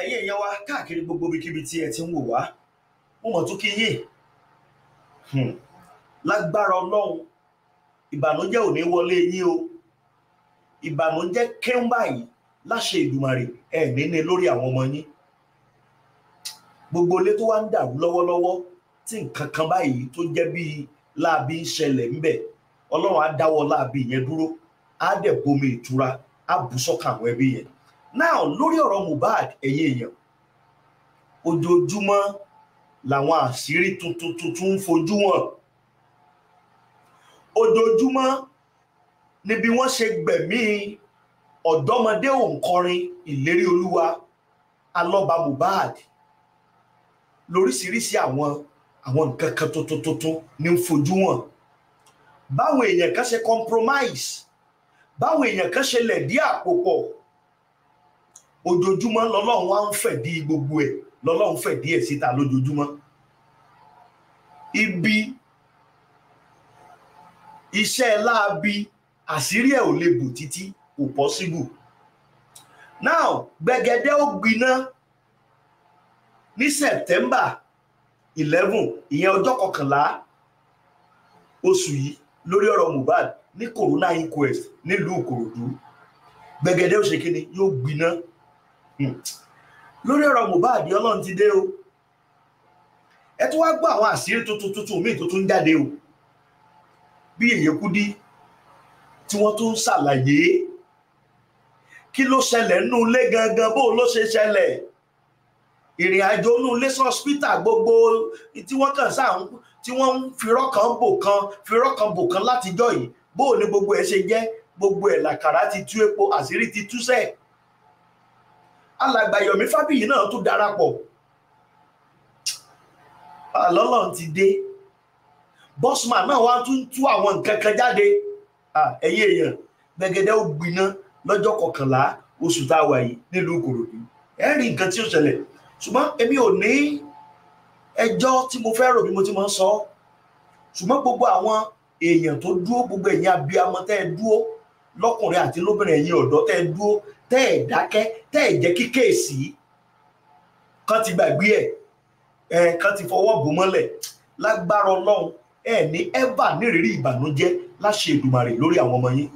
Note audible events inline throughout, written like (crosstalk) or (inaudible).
ẹ̀yin èèyàn wa káàkiri gbogbo ibikíbi tí ẹ ti ń wò wá mo mọ̀ tún kí yín hmm. lágbára ọlọ́run ìbànújẹ́ ò ní wọlé yín o ìbànújẹ́ kéwọn báyìí láṣẹ ìdùmarè ẹ̀ níní lórí àwọn ọmọ yín gbogbo ilé tó wá ń dàrú lọ́wọ́lọ́wọ́ tí nǹkan kan báyìí tó jẹ́ bíi láabi ń ṣẹlẹ̀ ńbẹ̀ ọlọ́run á dáwọ́ láabi yẹn dúró á dẹ̀ bomi ìtura á bù sọ́kàn àwọn ẹbí yẹn now lórí ọ̀rọ̀ Mohbad ẹ̀yin èèyàn ojoojúmọ́ làwọn àṣírí tuntun tuntun ń fojú wọn ojoojúmọ́ ni bí wọ́n ṣe gbẹ̀mí ọ̀dọ́mọdé òǹkọrin ìlérí olúwa alọ́ba Mohbad lóríṣiríṣi àwọn àwọn nǹkan kan tuntun tuntun ní ń fojú wọn báwọn èèyàn kan ṣe compromise báwọn èèyàn kan ṣe lẹ̀dí àpò pọ̀ ojoojúmọ́ lọ́lọ́run wá ń fẹ̀dí gbogbo ẹ̀ lọ́lọ́run fẹ̀dí ẹ̀ síta lójoojúmọ́ ibi iṣẹ́ láabi àṣírí ẹ̀ ò lè bù títí kò possible now gbẹ̀gẹ̀dẹ̀ ó gbiná ní september eleven ìyẹn ọjọ́ kọkànlá oṣù yìí lórí ọ̀rọ̀ Mohbad ní corona inquest nílùú Ìkòròdú gbẹ̀gẹ̀dẹ̀ ó ṣe kíni yóò gbiná Hmm. lórí ọ̀rọ̀ Mohbad ọlọ́run ti dé o ẹ tún wá gbọ́ àwọn àṣírí tuntun tuntun míì tó tún jáde o bí Yèyékúdí tí wọ́n tún ṣàlàyé kí ló ṣẹlẹ̀ nínú ilé gangan bó ló ṣe ṣẹlẹ̀ ìrìn àjò inú ilé hospital gbogbo tí wọ́n kàn sáà tí wọ́n ń firọ́ kan bò kan firọ́ kan bò kan látijọ́ yìí bó ni gbogbo ẹ̀ ṣe jẹ́ gbogbo ẹ̀ làkàrà ti tú epo àṣírí ti tú alàgbà Yọ̀mí Fábíyì náà tún darapọ̀ lọ́lọ́run ti dé bosman náà wá tún tú àwọn nǹkan kan jáde ẹ̀yin èèyàn gbẹ̀gẹ̀dẹ̀ ó gbiná lọ́jọ́ kọkànlá oṣù tá a wà yìí nílùú Ìkòròdú ẹ rí nǹkan tí ó ṣẹlẹ̀ ṣùgbọ́n èmi ò ní ẹjọ́ tí mo fẹ́ rò bí mo ti máa ń sọ ṣùgbọ́n gbogbo àwọn èèyàn tó dúró gbogbo ẹ̀yin abiyamọ tẹ́ ẹ dúró lọ́kùnrin àti lóbìnrin ẹ̀yin ọ̀dọ́ tẹ́ ẹ dúró tẹ́ ẹ̀ dákẹ́ tẹ́ ẹ̀ jẹ́ kí kéèsì kan ti gbàgbé ẹ̀ ẹ̀ kan ti fọwọ́ bò mọ́lẹ̀ lágbára ọlọ́run ẹ̀ ní ẹ́bà nírìírí ìbànújẹ́ láṣẹ Èdùmàrè lórí àwọn ọmọ yín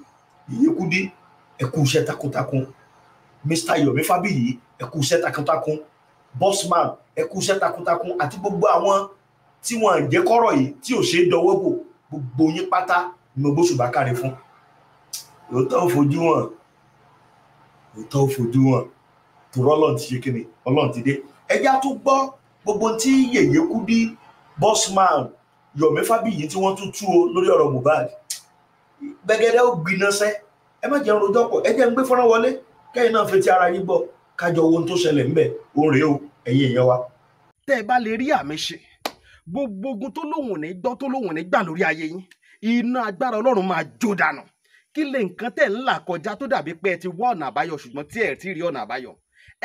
Yèyékúdí ẹ kú iṣẹ́ takuntakun Mr Yomi Fabiyi ẹ kú iṣẹ́ takuntakun Bossman ẹ kú iṣẹ́ takuntakun àti gbogbo àwọn tí wọn jẹ́ kọ́rọ̀ yìí tí ò ṣe é dọwọ́ bò gbogbo yín pátá ni mo gbóṣùbà káre fún lóòótọ́ fojú wọn òótọ́ ó fojú hàn torọ́ ọlọ́run ti ṣe kí ni ọlọ́run ti dé ẹjẹ́ á tún gbọ́ gbogbo tí yèyé kúdí bosman yomi fabiyi tí wọ́n tún tú o lórí ọ̀rọ̀ mohbad gbẹgẹdẹ ó gbiná sẹ́ ẹ má jẹ́ ń rojọ́ pọ̀ ẹ jẹ́ ń gbé fọ́nrán wọlé kẹ́yìn náà fetí ara yín gbọ́ kájọ ohun tó ṣẹlẹ̀ ńbẹ̀ ó rèé o ẹ̀yin èèyàn wa. tẹ́ ẹ bá lè rí àmì ṣe gbogbo ogun tó lóun ní gbọ́ tó lóun ní gbà lórí ayé yín iná agbára ọlọ́run máa jó dànù kí lè nǹkan tẹ̀ ń là kọjá tó dàbí pé ẹ ti wá ọ̀nà àbáyọ ṣùgbọ́n tí ẹ ti rí ọ̀nà àbáyọ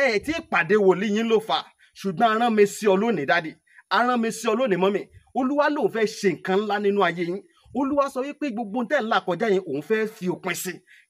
ẹ ti pàdé wòlíì yín ló fà ṣùgbọ́n arán mi sí ọ lónìí dádì arán mi sí ọ lónìí mọ́mì olúwa lòun fẹ́ ṣe nǹkan ńlá nínú ayé yín olúwa sọ wípé gbogbo tẹ̀ ń là kọjá yẹn òun fẹ́ fi òpin sí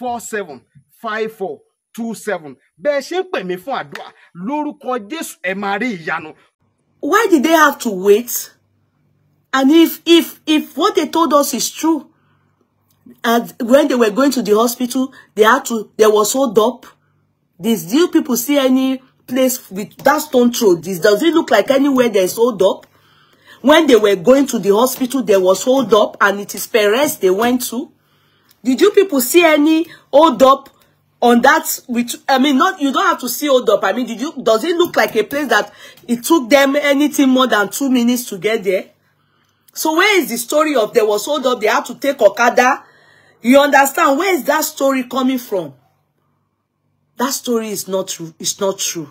four seven five four two seven bẹ́ẹ̀ ṣe ń pè mí fún àdúrà lórúkọ Jésù ẹ máa rí ìyanu. Why did they have to wait? And if if if what they told us is true, and when they were going to the hospital, they had to they were so up. These do people see any place with that stone throw? This does it look like anywhere they're sold up? When they were going to the hospital, they were sold up and it is Perez they went to. Did you people see any hold up on that which I mean not you don't have to see hold up. I mean, did you does it look like a place that it took them anything more than two minutes to get there? So where is the story of there was hold up, they had to take Okada? You understand where is that story coming from? That story is not true, it's not true.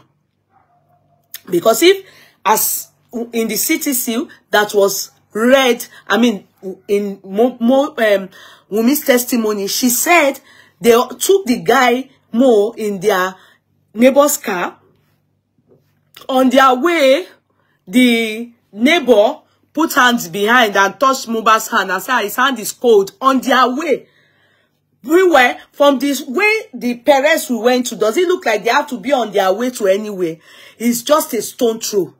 Because if as in the CTC that was read, I mean in more, more um Wumi's testimony, she said they took the guy more in their neighbor's car. On their way, the neighbor put hands behind and touched Muba's hand and said his hand is cold. On their way, we were from this way the parents we went to does it look like they have to be on their way to anywhere it's just a stone throw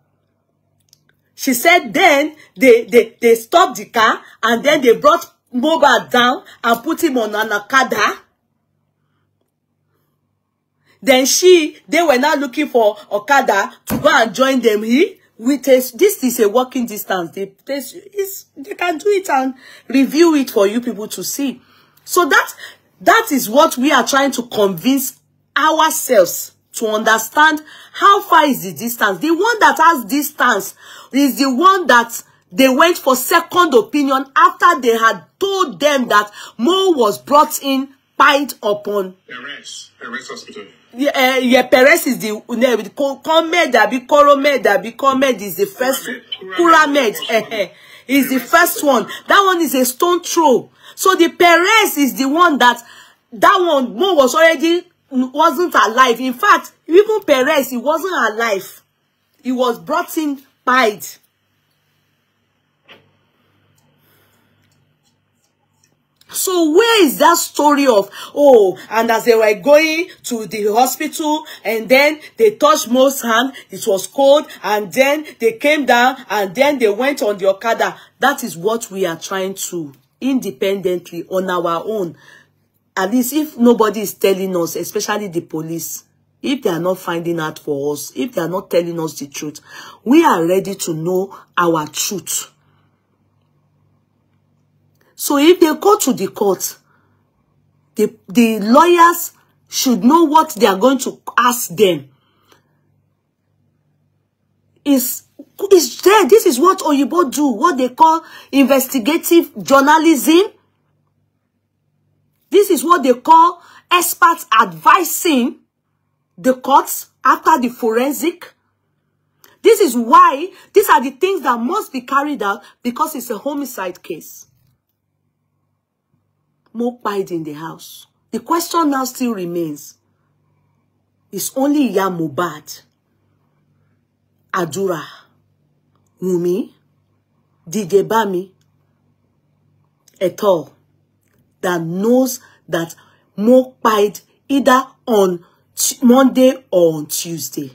she said then they they, they stopped the car and then they brought Mohbad down and put him on an akada. Then she, they were now looking for Okada to go and join them He, With a, this is a walking distance. They, they, they can do it and review it for you people to see. So that, that is what we are trying to convince ourselves to understand how far is the distance. The one that has distance is the one that they went for second opinion after they had told them that Mo was brought in piled upon. Perez, Perez Hospital. Yeah, uh, yeah, Perez is the Comed, Abi Coromed, Abi Comed is the first. Kuramed eh, eh, is the first one. That one is a stone throw. So the Perez is the one that that one Mo was already wasn't alive. In fact, even Perez, he wasn't alive. He was brought in pied. So where is that story of, oh, and as they were going to the hospital, and then they touched Mo's hand, it was cold, and then they came down, and then they went on the Okada. That is what we are trying to, independently, on our own. At least if nobody is telling us, especially the police, if they are not finding out for us, if they are not telling us the truth, we are ready to know our truth. So if they go to the court, the, the lawyers should know what they are going to ask them. Is is there? This is what Oyibo do, what they call investigative journalism. This is what they call experts advising the courts after the forensic. This is why these are the things that must be carried out because it's a homicide case more pied in the house. The question now still remains. It's only Iya Adura, Wunmi, Digebami, Bami, that knows that Mo pied either on Monday or on Tuesday.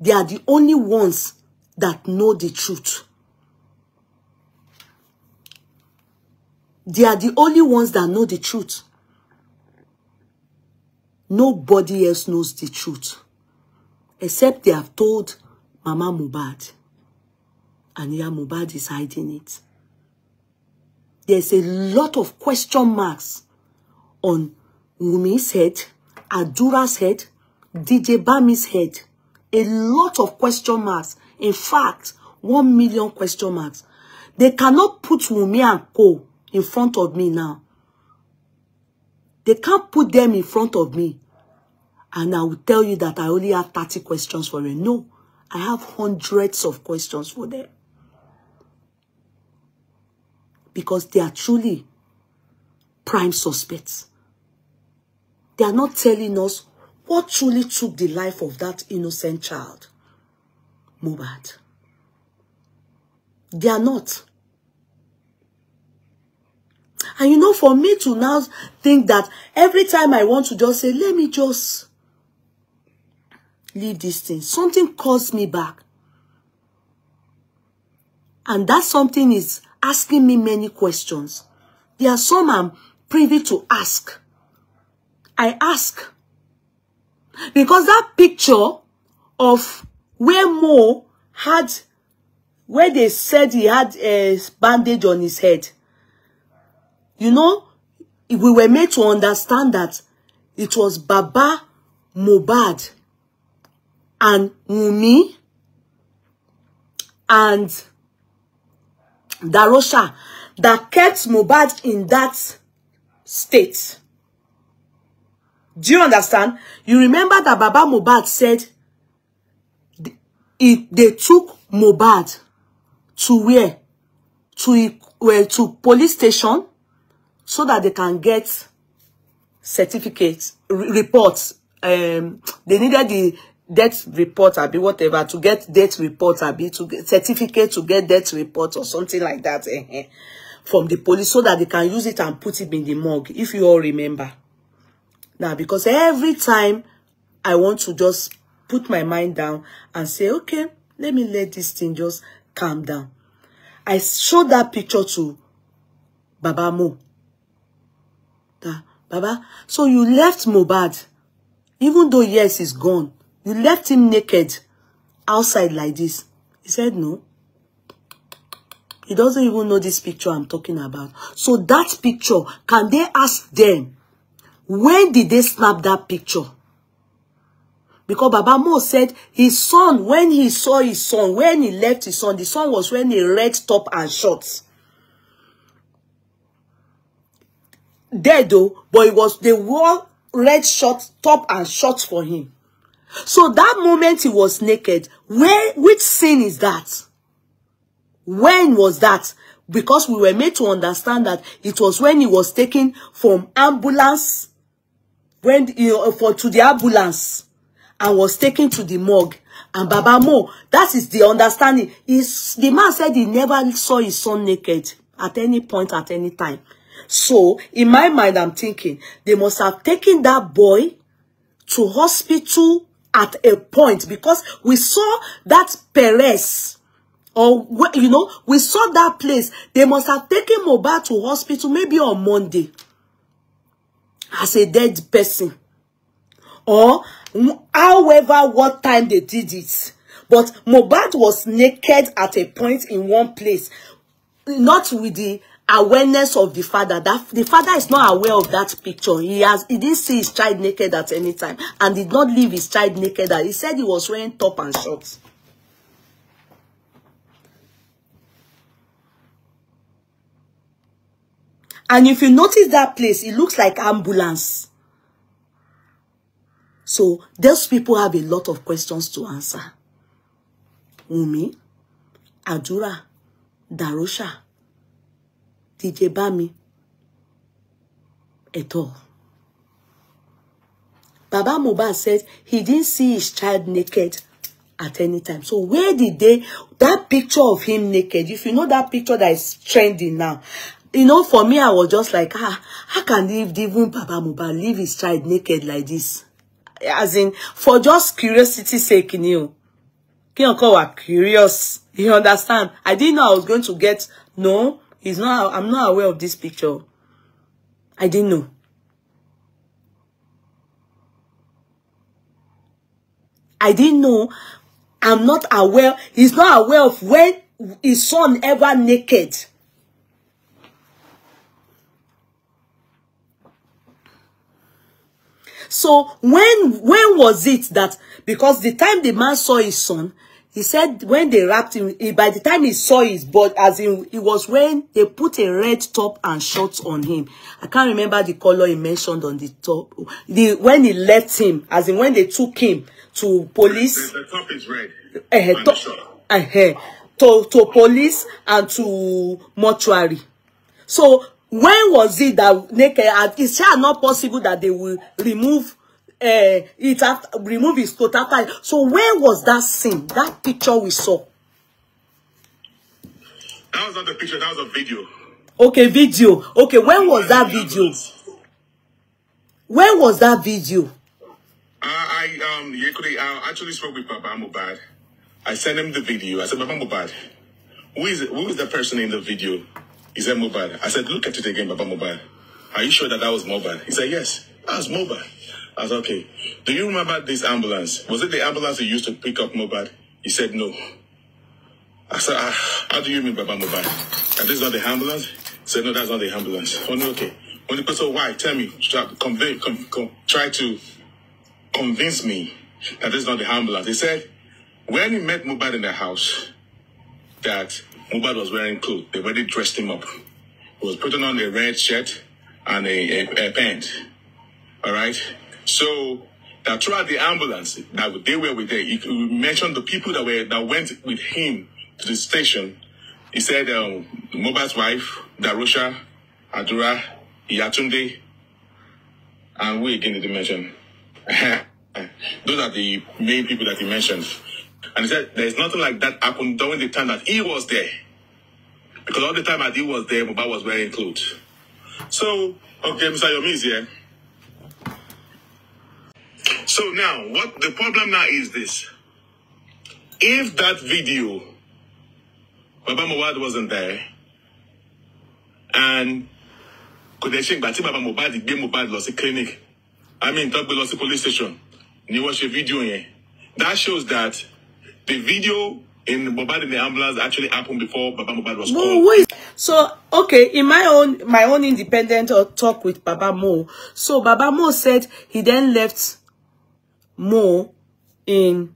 They are the only ones that know the truth. They are the only ones that know the truth. Nobody else knows the truth. Except they have told Mama Mubad. And Iya Mubad is hiding it. There's a lot of question marks on Wumi's head, Adura's head, DJ Bami's head. A lot of question marks. In fact, one million question marks. They cannot put Wumi and Co in front of me now. They can't put them in front of me. And I will tell you that I only have 30 questions for them. No, I have hundreds of questions for them. Because they are truly prime suspects. They are not telling us what truly took the life of that innocent child, Mubad. They are not. And you know, for me to now think that every time I want to just say, let me just leave this thing, something calls me back. And that something is asking me many questions. There are some I'm privy to ask. I ask. Because that picture of where Mo had, where they said he had a bandage on his head, You know, we were made to understand that it was Baba Mubad and Mumi and Darosha that kept Mubad in that state. Do you understand? You remember that Baba Mubad said it, they took Mubad to where? To, well, to police station so that they can get certificates, reports. Um, they needed the death report I be whatever to get death report abi to get certificate to get death report or something like that eh, eh, from the police so that they can use it and put it in the mug. if you all remember now because every time i want to just put my mind down and say okay let me let this thing just calm down i showed that picture to Baba Mo Baba, so you left Mobad. Even though, yes, he's gone. You left him naked outside like this. He said, no. He doesn't even know this picture I'm talking about. So that picture, can they ask them, when did they snap that picture? Because Baba Mo said his son, when he saw his son, when he left his son, the son was wearing a red top and shorts. dead though, but it was the wore red shirt top and shorts for him. So that moment he was naked, where which sin is that? When was that? Because we were made to understand that it was when he was taken from ambulance when you know, uh, for to the ambulance and was taken to the morgue. And Baba Mo, that is the understanding. Is the man said he never saw his son naked at any point at any time. So in my mind, I'm thinking they must have taken that boy to hospital at a point because we saw that Perez or you know we saw that place they must have taken Mohbad to hospital maybe on Monday as a dead person or however what time they did it but Mohbad was naked at a point in one place not with the awareness of the father that the father is not aware of that picture he has he didn't see his child naked at any time and did not leave his child naked he said he was wearing top and shorts and if you notice that place it looks like ambulance so those people have a lot of questions to answer Umi, Adura Darusha DJ Bami at all. Baba Mohbad said he didn't see his child naked at any time. So where did they, that picture of him naked, if you know that picture that is trending now, you know, for me, I was just like, ah, how can even Baba Mohbad leave his child naked like this? As in, for just curiosity's sake, you know, King were curious. You understand? I didn't know I was going to get, no, It's not, I'm not aware of this picture. I didn't know. I didn't know. I'm not aware. He's not aware of when his son ever naked. So when when was it that because the time the man saw his son, He said when they wrapped him, he, by the time he saw his body, as in it was when they put a red top and shorts on him. I can't remember the color he mentioned on the top. The when he left him, as in when they took him to police. The, the top is red. Uh, top, uh, to, to police and to mortuary. So when was it that naked? It's not possible that they will remove uh, it after, remove his coat after. So where was that scene? That picture we saw. That was not the picture. That was a video. Okay, video. Okay, when was that video? When was that video? Uh, I um, I actually spoke with Baba Mubad. I sent him the video. I said, Baba Mubad, who is who is the person in the video? He said, Mubad. I said, look at it again, Baba Mubad. Are you sure that that was Mubad? He said, yes, that was Mubad. I said okay. Do you remember this ambulance? Was it the ambulance you used to pick up Mobad? He said no. I said, ah, how do you mean Baba Mobad? And this is not the ambulance? He said, no, that's not the ambulance. Oh, no, okay. When the person, why? Tell me. Try, convey, com, com, try to convince me that this is not the ambulance. He said, when he met Mobad in the house, that Mobad was wearing clothes. They already dressed him up. He was putting on a red shirt and a, a, a pant. All right? So that throughout the ambulance that they were with there, he, he mentioned the people that were that went with him to the station. He said um, Moba's wife, Darusha, Adura, Yatunde, and we again didn't mention. (laughs) Those are the main people that he mentioned. And he said there's nothing like that happened during the time that he was there. Because all the time that he was there, Moba was wearing clothes. So, okay, Mr. Yomi is here. So now, what the problem now is this. If that video, Baba Mawad wasn't there, and kò dẹ̀ ṣe ìgbà tí bàbá Mohbad gbé Mohbad lọ sí clinic I mean tó gbé lọ sí police station you watch a video here that shows that the video in Mohbad in the ambulance actually happened before baba Mohbad was called. Wait. so okay in my own my own independent uh, talk with baba Mo so baba Mo said he then left more in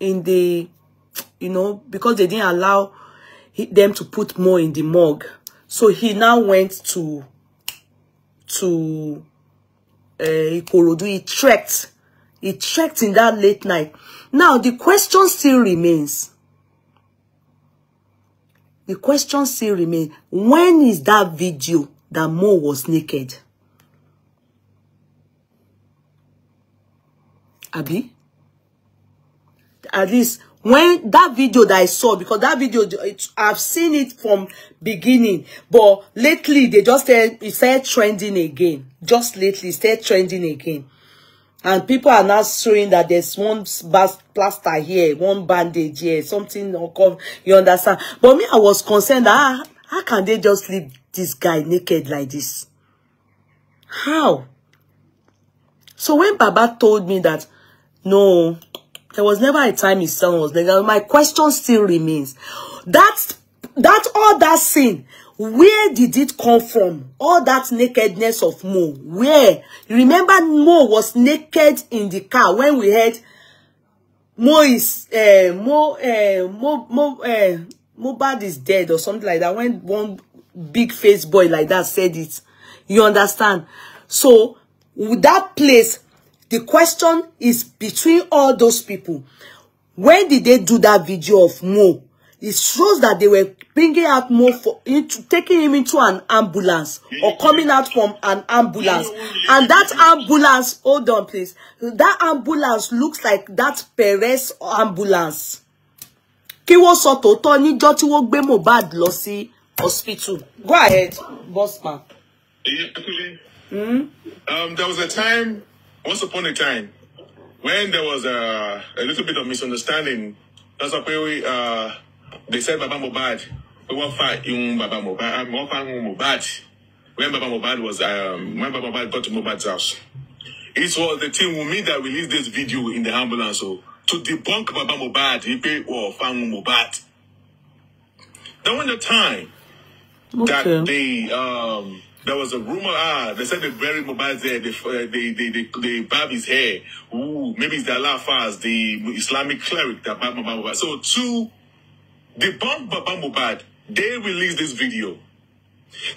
in the you know because they didn't allow them to put more in the mug, so he now went to to uh, Ikorodu he trekked he trekked in that late night now the question still remains the question still remains when is that video that Mo was naked Abi? At least when that video that I saw, because that video, it, I've seen it from beginning, but lately they just said it started trending again. Just lately, started trending again. And people are now showing that there's one plaster here, one bandage here, something or come, you understand? But me, I was concerned that ah, how can they just leave this guy naked like this? How? So when Baba told me that No, there was never a time his son was negative. My question still remains. That, that, all that sin, where did it come from? All that nakedness of Mo, where? You remember Mo was naked in the car when we heard Mo is, uh, Mo, uh, Mo, Mo, uh, eh, Mobad is dead or something like that. When one big face boy like that said it, you understand? So, that place, The question is between all those people. When did they do that video of Mo? It shows that they were bringing out Mo for into, taking him into an ambulance or coming out from an ambulance. And that ambulance, hold on please, that ambulance looks like that Perez ambulance. Kí soto sọ tòótọ́ níjọ́ tí wọ́n gbé Mohbad lọ sí hospital. Go ahead, boss man. Mm? Um, there was a time once upon a time, when there was a, a little bit of misunderstanding, that's why we, uh, they said Baba Mobad, we were fighting Baba Mobad, um, Mobad. When Baba Mobad was, um, when Baba Mobad got to Mobad's house, it was the team with me that released this video in the ambulance. So oh, to debunk Baba Mobad, he paid or found Mobad. Then was the time okay. that they, um, there was a rumor, ah, they said they buried Mubarak there, they, uh, they, they, they, they bob his hair. Ooh, maybe it's the Alafas, the Islamic cleric that bobbed Mubarak. So to the Baba Mubad, they release this video.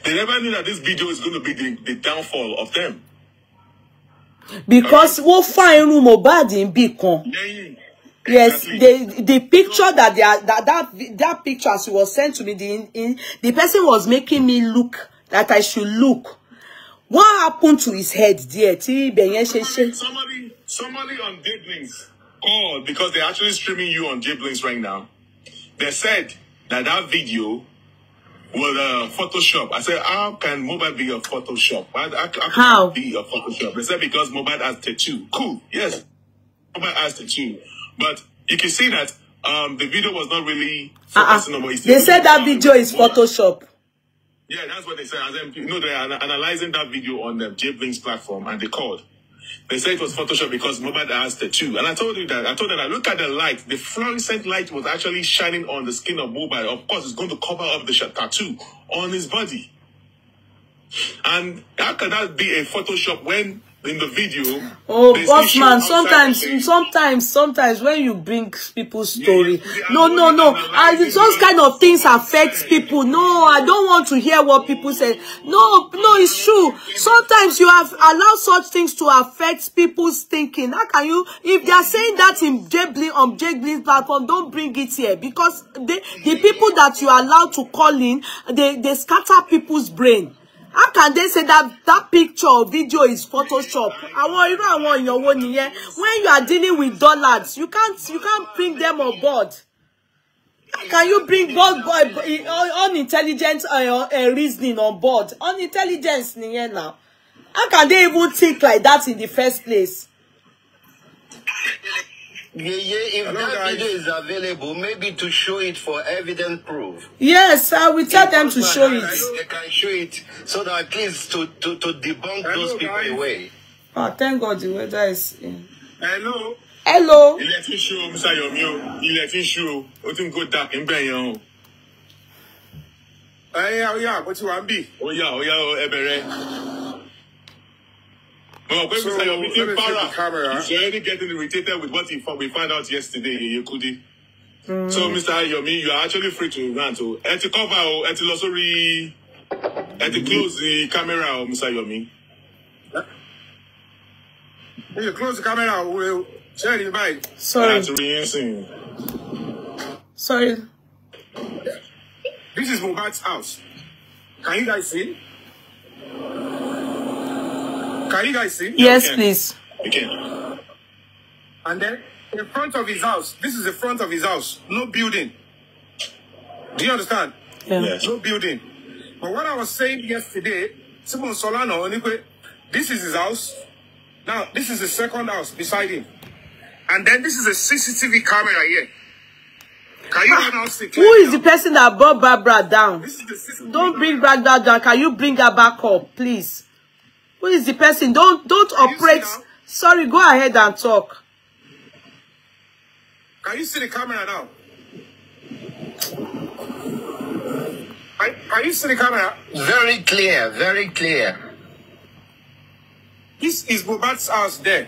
They never knew that this video is going to be the, the downfall of them. Because we'll find Mohbad in kan. Yes, the the picture that they are, that that that picture as it was sent to me, the in, the person was making me look that I should look. What happened to his head, dear? Somebody, somebody, somebody on Diblings called because they're actually streaming you on Diblings right now. They said that that video was a uh, Photoshop. I said, how can mobile be a Photoshop? How, how, how how? be a Photoshop? They said because mobile has tattoo. Cool, yes. Mobile has tattoo. But you can see that um, the video was not really uh-uh. focusing uh -uh. on what They said that video is Photoshop. Yeah, that's what they said. As MP, you know, they're analyzing that video on the J platform, and they called. They said it was Photoshop because Mobad asked it too. And I told you that. I told them that look at the light. The fluorescent light was actually shining on the skin of Mobad. Of course, it's going to cover up the tattoo on his body. And how can that be a Photoshop when in the video. Oh, boss man, sometimes, sometimes, sometimes when you bring people's story, yeah, yeah, no, no, no, I, those kind of things affect people. No, I don't want to hear what people say. No, no, it's true. Sometimes you have allowed such things to affect people's thinking. How can you, if they are saying that in Jablin, on Jablin's platform, don't bring it here because they, the people that you allow to call in, they, they scatter people's brain how can they say that that picture or video is photoshop àwọn irú àwọn èèyàn wo nìyẹn when you are dealing with dollars you can't you can't bring them on board can you bring God boy unintelligent uh, uh, reasoning on board unintelligence nìyẹn now how can they even think like that in the first place. Yeye, if that video is available, maybe to show it for evident proof. Yes, I will tell if them to show it. they can show it so that at least to, to, to debunk Hello, those people guys. away. Oh, thank God the weather is in. Eh. Hello. Hello. Ilẹ̀ ti ṣú o, Musa Yomi o. Ilẹ̀ ti ṣú o. go dark in gbẹ̀yàn o. Ẹyà ó yà, bó ti wà be? Oh yeah, oh yeah. Oh ó Well, oh, when so, we say you're meeting Farah, he's already getting irritated with what we found out yesterday Yekudi. Mm. So, Mr. Ayomi, you are actually free to run to. Oh. ẹ ti cover o, oh. ẹ ti lọ sórí, close the camera Mr. Ayomi. Ẹ ti close the camera o, ṣé rí báyìí. Sorry. Láti Sorry. This is Mohbad's house. Can you guys see? Can you guys see? Yes, yeah, please. Okay. And then the front of his house. This is the front of his house. No building. Do you understand? Yeah. Yes. No building. But what I was saying yesterday, Simon Solano, this is his house. Now, this is the second house beside him. And then this is a CCTV camera here. Can you ah, now see? Who is the person that brought Barbara down? Don't bring Barbara down. Can you bring her back up, please? Who is the person? Don't don't Can operate. Sorry, go ahead and talk. Can you see the camera now? Are you see the camera? Very clear, very clear. This is Bobat's house there.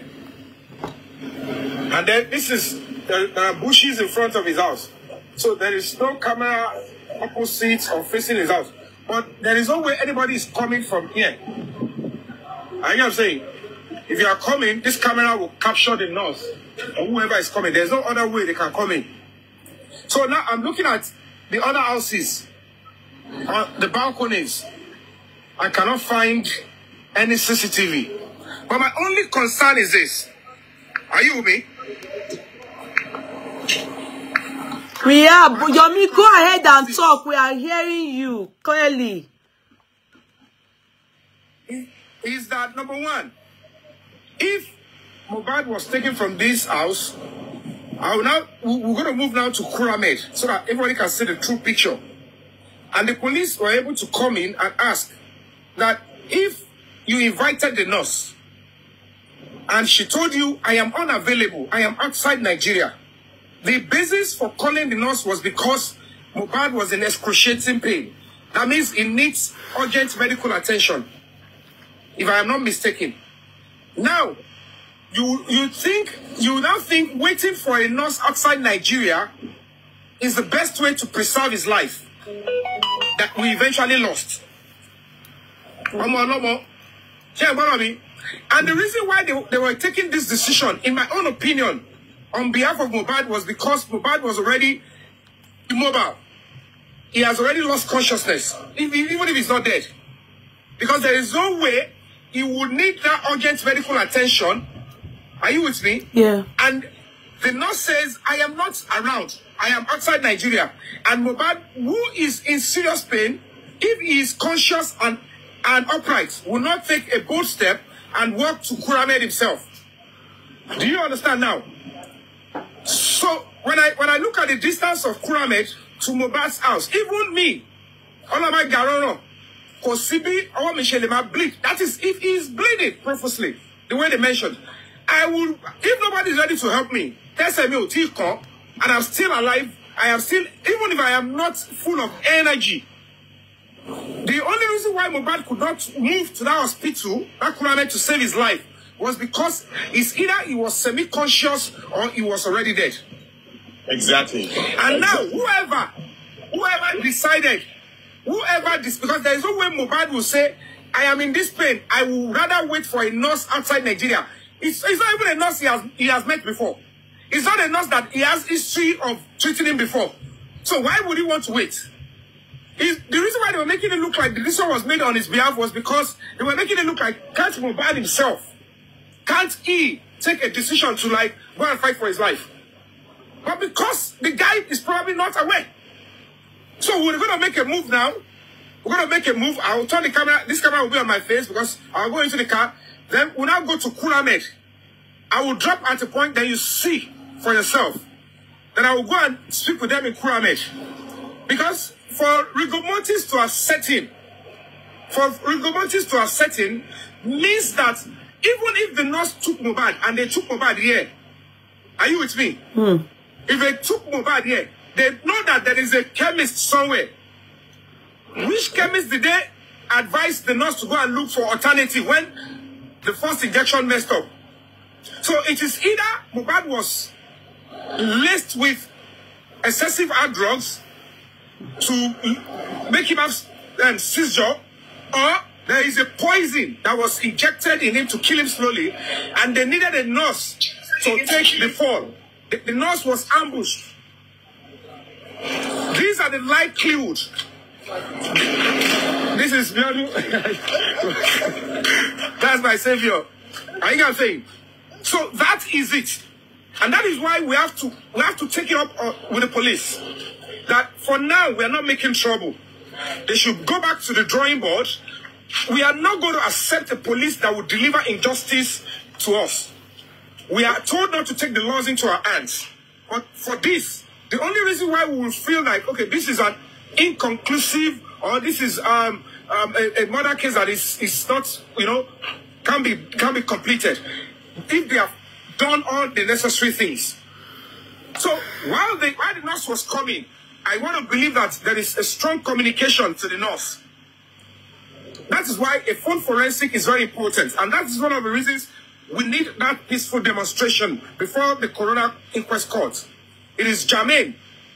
And then this is, the there bushes in front of his house. So there is no camera opposite or facing his house. But there is no way anybody is coming from here. I am saying, if you are coming, this camera will capture the nurse or whoever is coming. There's no other way they can come in. So now I'm looking at the other houses, uh, the balconies. I cannot find any CCTV. But my only concern is this. Are you with me? We are, Yomi, go ahead and talk. We are hearing you clearly. is that number one, if Mobad was taken from this house, I will now we're going to move now to Kuramed so that everybody can see the true picture. And the police were able to come in and ask that if you invited the nurse and she told you, I am unavailable, I am outside Nigeria, the basis for calling the nurse was because Mobad was in excruciating pain. That means he needs urgent medical attention. if I am not mistaken. Now, you you think you now think waiting for a nurse outside Nigeria is the best way to preserve his life that we eventually lost. And the reason why they, they were taking this decision, in my own opinion, on behalf of Mubad was because Mubad was already immobile. He has already lost consciousness, even if he's not dead. Because there is no way he would need that urgent medical attention. Are you with me? Yeah. And the nurse says, I am not around. I am outside Nigeria. And Mobad, who is in serious pain, if he is conscious and, and upright, will not take a bold step and walk to Kuramed himself. Do you understand now? So when I when I look at the distance of Kuramed to Mobad's house, even me, all of my Garoro, kò sí bí ọwọ́ Michelle ṣe bleed that is if he is bleeding profusely the way they mentioned I will if nobody is ready to help me tẹ́sẹ̀ mi ò tí kàn and I'm still alive I am still even if I am not full of energy the only reason why Mohbad could not move to that hospital that Kurame to save his life was because it's either he was semi-conscious or he was already dead. Exactly. And exactly. now whoever whoever decided Whoever this, because there is no way Mohbad will say, I am in this pain. I will rather wait for a nurse outside Nigeria. It's, it's not even a nurse he has, he has met before. It's not a nurse that he has history of treating him before. So why would he want to wait? He's, the reason why they were making it look like the decision was made on his behalf was because they were making it look like can't Mohbad himself, can't he take a decision to like go and fight for his life? But because the guy is probably not aware. So we're gonna make a move now. We're gonna make a move. I'll turn the camera. This camera will be on my face because I'll go into the car. Then we'll now go to Kulamed. I will drop at a point that you see for yourself. Then I will go and speak with them in Kulamed. Because for Rigomontis to accept him, for Rigomontis to accept him means that even if the nurse took Mubad and they took Mubad here, are you with me? Mm. If they took Mubad here, They know that there is a chemist somewhere. Which chemist did they advise the nurse to go and look for alternative when the first injection messed up? So it is either Mubad was laced with excessive hard drugs to make him have um, seizure, or there is a poison that was injected in him to kill him slowly, and they needed a nurse to take the fall. The, the nurse was ambushed These are the likelihood. This is Miodu. (laughs) That's my savior. I think I'm saying. So that is it. And that is why we have to we have to take it up uh, with the police. That for now we are not making trouble. They should go back to the drawing board. We are not going to accept a police that will deliver injustice to us. We are told not to take the laws into our hands. But for this, the only reason why we will feel like, okay, this is an inconclusive or this is um, um, a, a murder case that is, is not, you know, can be, can be completed if they have done all the necessary things. So while the, while the nurse was coming, I want to believe that there is a strong communication to the nurse. That is why a phone forensic is very important. And that is one of the reasons we need that peaceful demonstration before the coroner inquest court. It is Jermaine.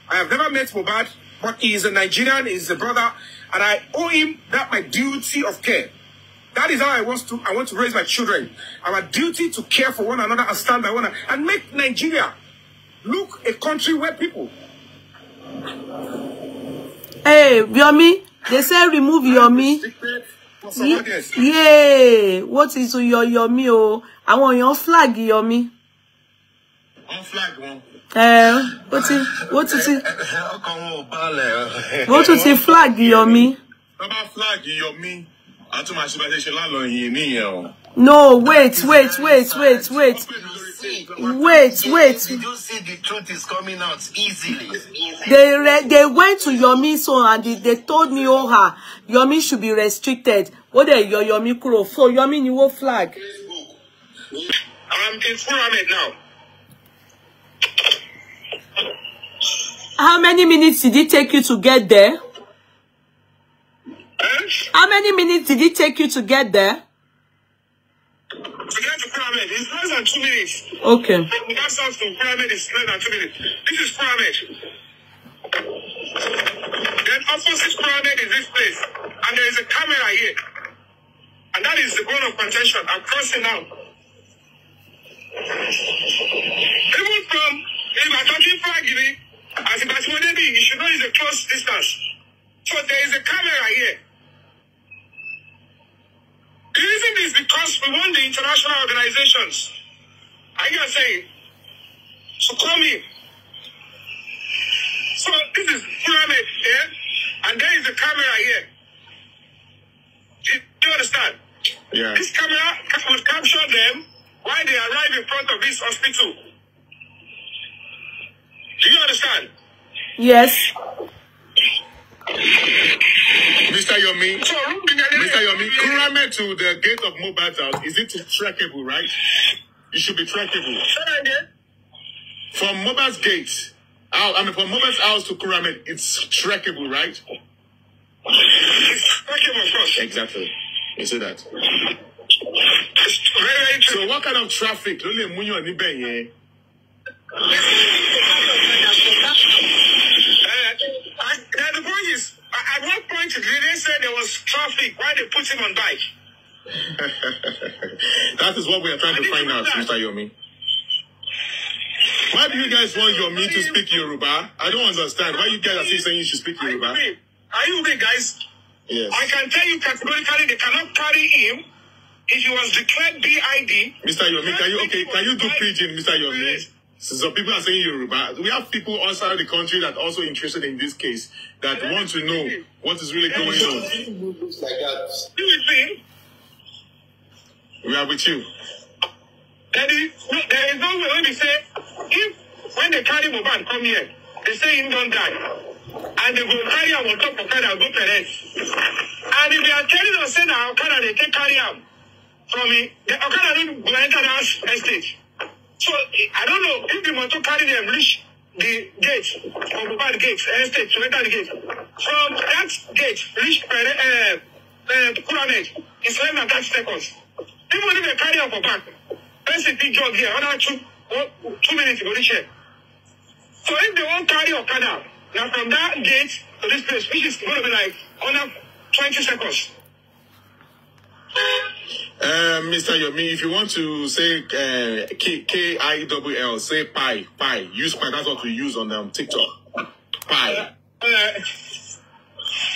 I have never met Mobad, but he is a Nigerian, he is a brother, and I owe him that my duty of care. That is how I want to I want to raise my children. Our duty to care for one another and stand by one another and make Nigeria look a country where people. Hey, Yomi, they say remove Yomi. Yeah, What is your Yomi? Oh, I want your flag Yomi. Wọ́n flag ẹ ó ti ó ti ti ọkàn wọn ò tún ti flag Yomi. wọ́n bá flag Yomi a tún máa ṣe bá ṣe lálọ́ yìí nìyẹn o. no wait wait wait wait wait wait wait. They re they went to Yomi so and they, they told me oh her Yomi should be restricted. Ó dẹ̀ yọ Yomi kúrò so Yomi ni wọ́n flag. I'm in full now. How many minutes did it take you to get there? Eh? How many minutes did it take you to get there? To get to Pyramid, it's less than two minutes. Okay. From Gassas to Pyramid it's less than two minutes. This is Pyramid. Then opposite Pyramid is this place. And there is a camera here. And that is the bone of contention. I'm crossing now. Even from Ibataki Fagiri, as Ibatuanebi, you should know it's a close distance. So there is a camera here. The reason is because we want the international organizations, I can say, to come in. So this is Planet here, and there is a camera here. Do you, do you understand? Yeah. This camera would capture them while they arrive in front of this hospital. Do you understand? Yes. Mr. Yomi, Mr. Yomi, Kurame to the gate of Mobile's Town, is it trackable, right? It should be trackable. From Mobile's gate, out, I mean, from Mobile's house to Kurame, it's trackable, right? It's trackable, of course. Exactly. You see that? It's very, very So what kind of traffic? Only Munyo and yàn Uh, eh, now the point is, at what point did they say there was traffic? Why they put him on bike? (laughs) that is what we are trying How to find out, that? Mr. Yomi. Why do you guys want Yomi to speak Yoruba? I don't understand. Why you guys are still saying you should speak Yoruba? Are you big guys? Yes. I can tell you categorically they cannot carry him if he was declared BID. Mr. Yomi, can you okay? Can you do preaching, Mr. Yomi? So, so people are saying Yoruba. We have people outside the country that are also interested in this case that yeah, want to know what is really going on. Looks like that. You We are with you. There is no, there is no way when they say if when they carry Moban come here, they say him don't die. And they go carry him on top of Okada and go Perez. And if they are telling us say that Okada they take carry him from me, the Okada don't go enter that estate. So I don't know if the motor carry them reach the gate, occupied gate, estate, eh, the gate. From that gate, reach Pere, uh, eh, uh, eh, Kuranet, it's less than 30 seconds. Even if they carry up a back, person big job here, another two, oh, two minutes to reach here. So if they won't carry Okada, now from that gate to this place, which is going to be like under 20 seconds, Uh, Mr. Yomi, if you want to say uh, K K I W L, say pi pi. Use pi. That's what we use on um, TikTok. Pi. Uh, uh,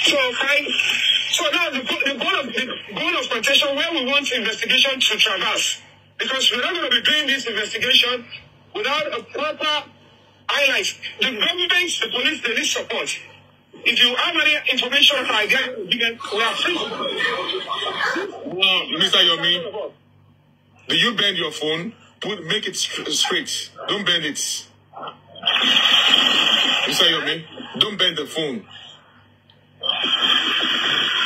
so pi. So now the, the goal of the goal of plantation where we want investigation to traverse, because we're not going to be doing this investigation without a proper highlight. The government, the police, they need support. If you have any information that I get, we are free. Wow, Mr. Yomi, do you bend your phone? Put make it straight. Don't bend it. Mr. Yomi, don't bend the phone.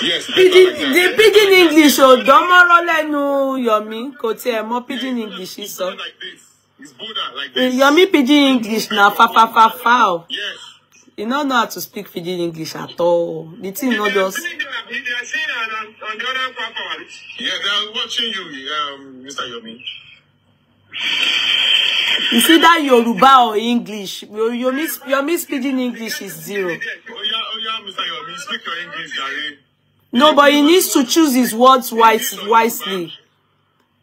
Yes, pidgin, like English ò dánmọ́rán lẹ́nu Yomi Kote mo mọ pidgin English so. Yomi pidgin English na fa fa fa Yes. You don't know how to speak Pidgin English at all. The team not just. Yeah, they are watching you, um, Mr. Yomi. You see that Yoruba or English? Your miss, your miss speaking English is zero. Oh, oh, no, but he needs to choose his words wise, wisely.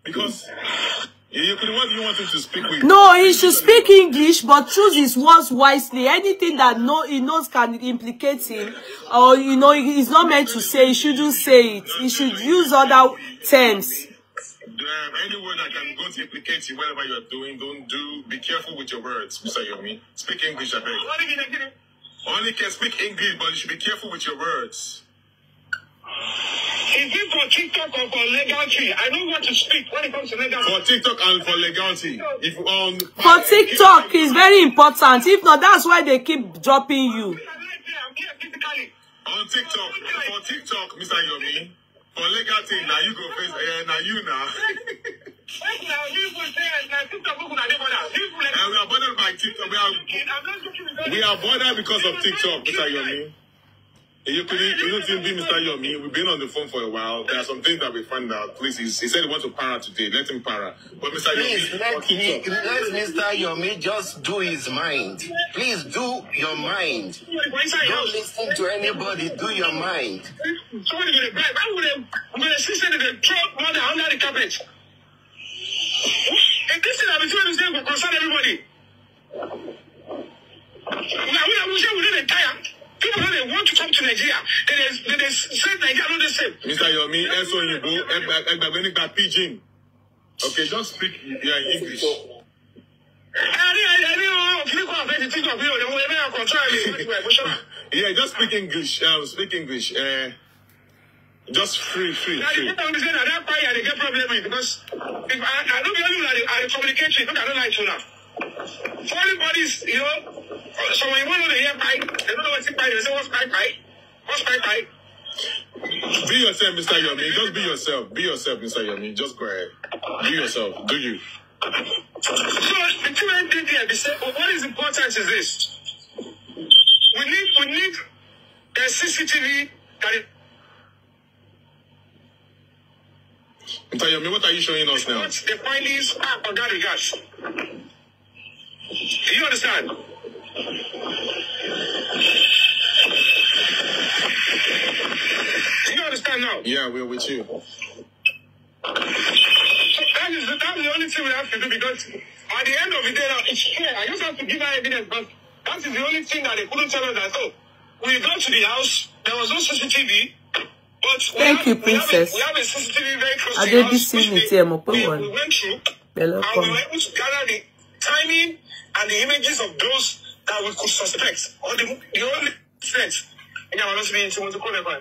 Because You could, what do you want him to speak with? No, he should speak English, but choose his words wisely. Anything that no, he knows can implicate him, or, you know, he's not meant to say, he shouldn't say it. He should use other terms. any word that can go to implicate you, whatever you're doing, don't do. Be careful with your words, Mr. Yomi. Speak English, I beg. Only can speak English, but you should be careful with your words. Is it for TikTok or for legality? I don't want to speak when it comes to legality. For TikTok and for legality. If um For TikTok is very important. If not, that's why they keep dropping you. On TikTok, for TikTok, Mr. Yomi, for Legality. now you go face, uh, now you now. uh, (laughs) we are bothered by TikTok. We are, we are bothered because of TikTok, Mr. Yomi. You could, you know, him be Mr. Yomi, we've been on the phone for a while. There are some things that we found out. Please, he, said he wants to para today. Let him para. But Mr. Please, Yomi, let, me, let Mr. Yomi just do his mind. Please do your mind. Don't listen to anybody. Do your mind. Somebody with a bribe. I would have, with a sister, the truck, mother, under the carpet. And this is how it's going to concern everybody. Now, we are sure we didn't tire. People that they want to come to Nigeria, they, they, they say Nigeria not the same. Mr. Yomi, Eso Yibo, Egbagbenigba Pidgin. Okay, just speak yeah, English. yeah, just speak English. Um, speak English. Uh, just free, free, now, free. Now, the thing that I get problem because if I, I don't believe that I communicate with, I don't like to now. Foreign bodies, you know, someone you want to hear pipe, I don't know what's in pipe, they say, what's pipe pipe? What's pipe pipe? Be yourself, Mr. Yomi. Just be yourself. Be yourself, Mr. Yomi. Just go ahead. Be yourself. Do you? So the two end thing here, say, well, what is important is this. We need we need a CCTV that is Mr. Yomi, what are you showing us now? What's the findings are on that regard. Do you understand? Do you understand now? Yeah, we're with you. That is, that is the only thing we have to do because at the end of the day, it's fair. I just have to give her evidence, but that is the only thing that they couldn't tell us that. So oh, we got to the house, there was no CCTV. Thank have, you, Princess. We have a, we have a CCTV very close I to the house, which we, we, we went through, Hello, and we were able to gather the timing and the images of those that we could suspect or the, the only suspect. Ẹ̀yà wọn lọ síbi tí wọ́n ti kó lẹ́fà.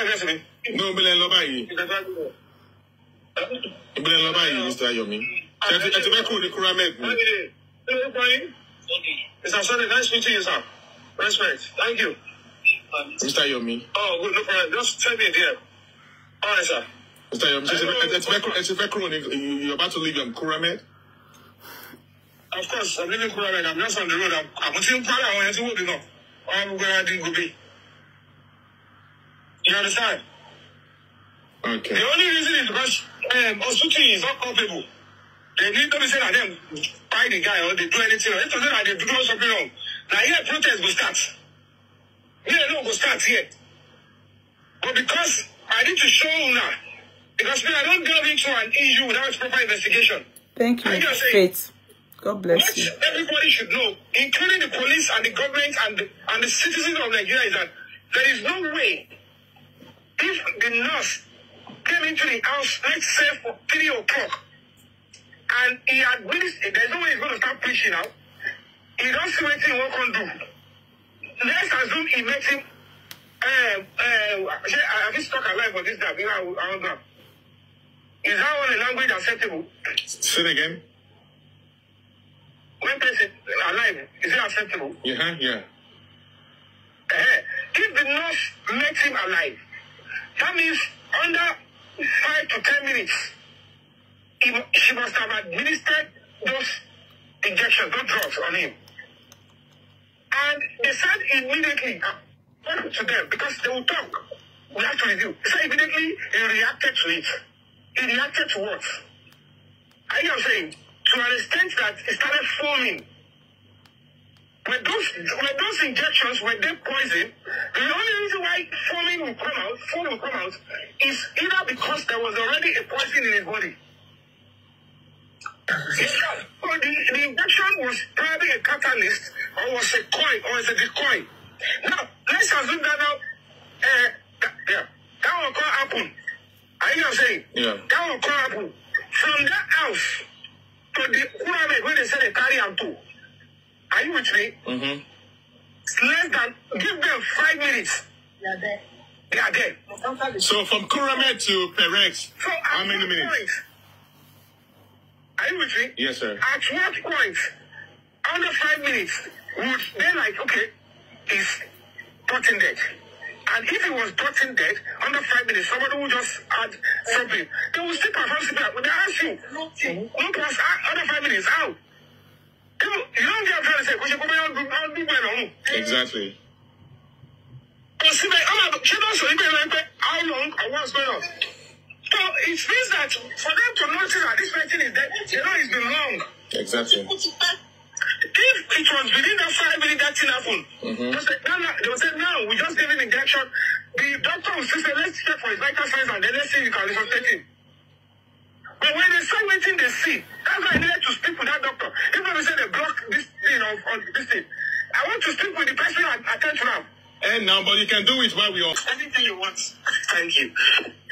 Ẹ̀fẹ̀ síbi. Ní obìnrin lọ báyìí. Obìnrin lọ báyìí, Mr. Ayomi. Ẹ̀tí bẹ́ẹ̀ kúrò ní Kúrá Mẹ́ẹ̀d mi. Ṣé o kọ́ yín? Mr. Sunday, nice meeting you, sir. Respect. Thank you. Mr. Ayomi. Oh, good, no problem. Just tell me there. All right, sir. Mr. Ayomi, ẹ̀tí bẹ́ẹ̀ kúrò ní, you're about to leave your Kúrá Mẹ́ẹ̀d? of course I'm living Kurawe I'm just on the road I'm tí ń parí àwọn ẹni tí wò dé náà wọ́n á gbogbo ẹran dín gobe you understand. Okay. The only reason is because um, hospital is not comfortable. They need to be saying that them buy the guy or they do anything. If they say that they do something wrong, now here protest will start. Here no go start here. But because I need to show now, because me I don't delve into an issue without proper investigation. Thank you, Faith. God bless what you. Everybody should know, including the police and the government and the, and the citizens of Nigeria, is that there is no way if the nurse came into the house, let's say for three o'clock, and he administered, there's no way he's going to start preaching now. He doesn't see anything work can do. Let's assume he makes him. Uh, eh, uh, eh, have you stuck alive for this? That I, I don't Is that one a language acceptable? Say it again when person alive, is it acceptable? Yeah, yeah. Uh, if the nurse makes him alive, that means under five to ten minutes, he, she must have administered those injections, those drugs on him. And they said immediately, uh, to them, because they will talk. We have to review. So immediately he reacted to it. He reacted to what? Are you saying? to an extent that it started foaming. With those, with those injections, were that poison, the only reason why foaming will come out, foam will come out, is either because there was already a poison in his body. so the, the injection was probably a catalyst, or was a coin, or was a decoy. Now, let's assume that now, uh, that, yeah, that will come happen. Are you saying? Yeah. That will come happen. From that house, to the whoever is going to sell the carry am to. Are you with me? Mm-hmm. It's less than give them five minutes. They are there. They are there. So from Kurame to Perex, so how many minutes? Point, are you with me? Yes, sir. At what point, under five minutes, would they like, okay, is put in there? And if he was gotten dead under five minutes, somebody will just add something. They will still perform CPR. When they ask you, no plus under five minutes, how? You don't get trying to say, because you're going to do well Exactly. She doesn't even how long or what's going on. So it means that for them to notice that this person is dead, you know it's been long. Exactly. If it was within that five minutes that thing happened, mm-hmm. they, said, no, no, they said, no, we just gave him injection. The doctor will say, let's check for his vital signs and then let's see if you can resuscitate him. But when they saw anything they see, that's why I needed to speak with that doctor. Even if they say they block this thing of, on this thing, I want to speak with the person I attend to now. And eh, now, but you can do it while we are. Anything you want. Thank you.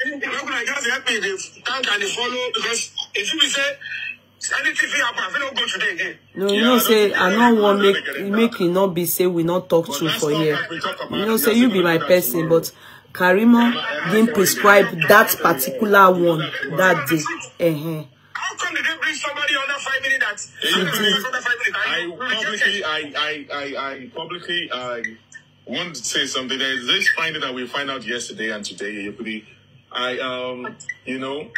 Anything Look like just help me with thank and follow because if you say no you know, say I no want make make it not be say we not talk to for here. You know, say you be my person, but Karima didn't prescribe that particular one that day. Uh-huh. How come did they bring somebody under five minutes that she did? I publicly, I, I, I, I publicly, I want to say something. Is this finding that we find out yesterday and today. I, um, you know,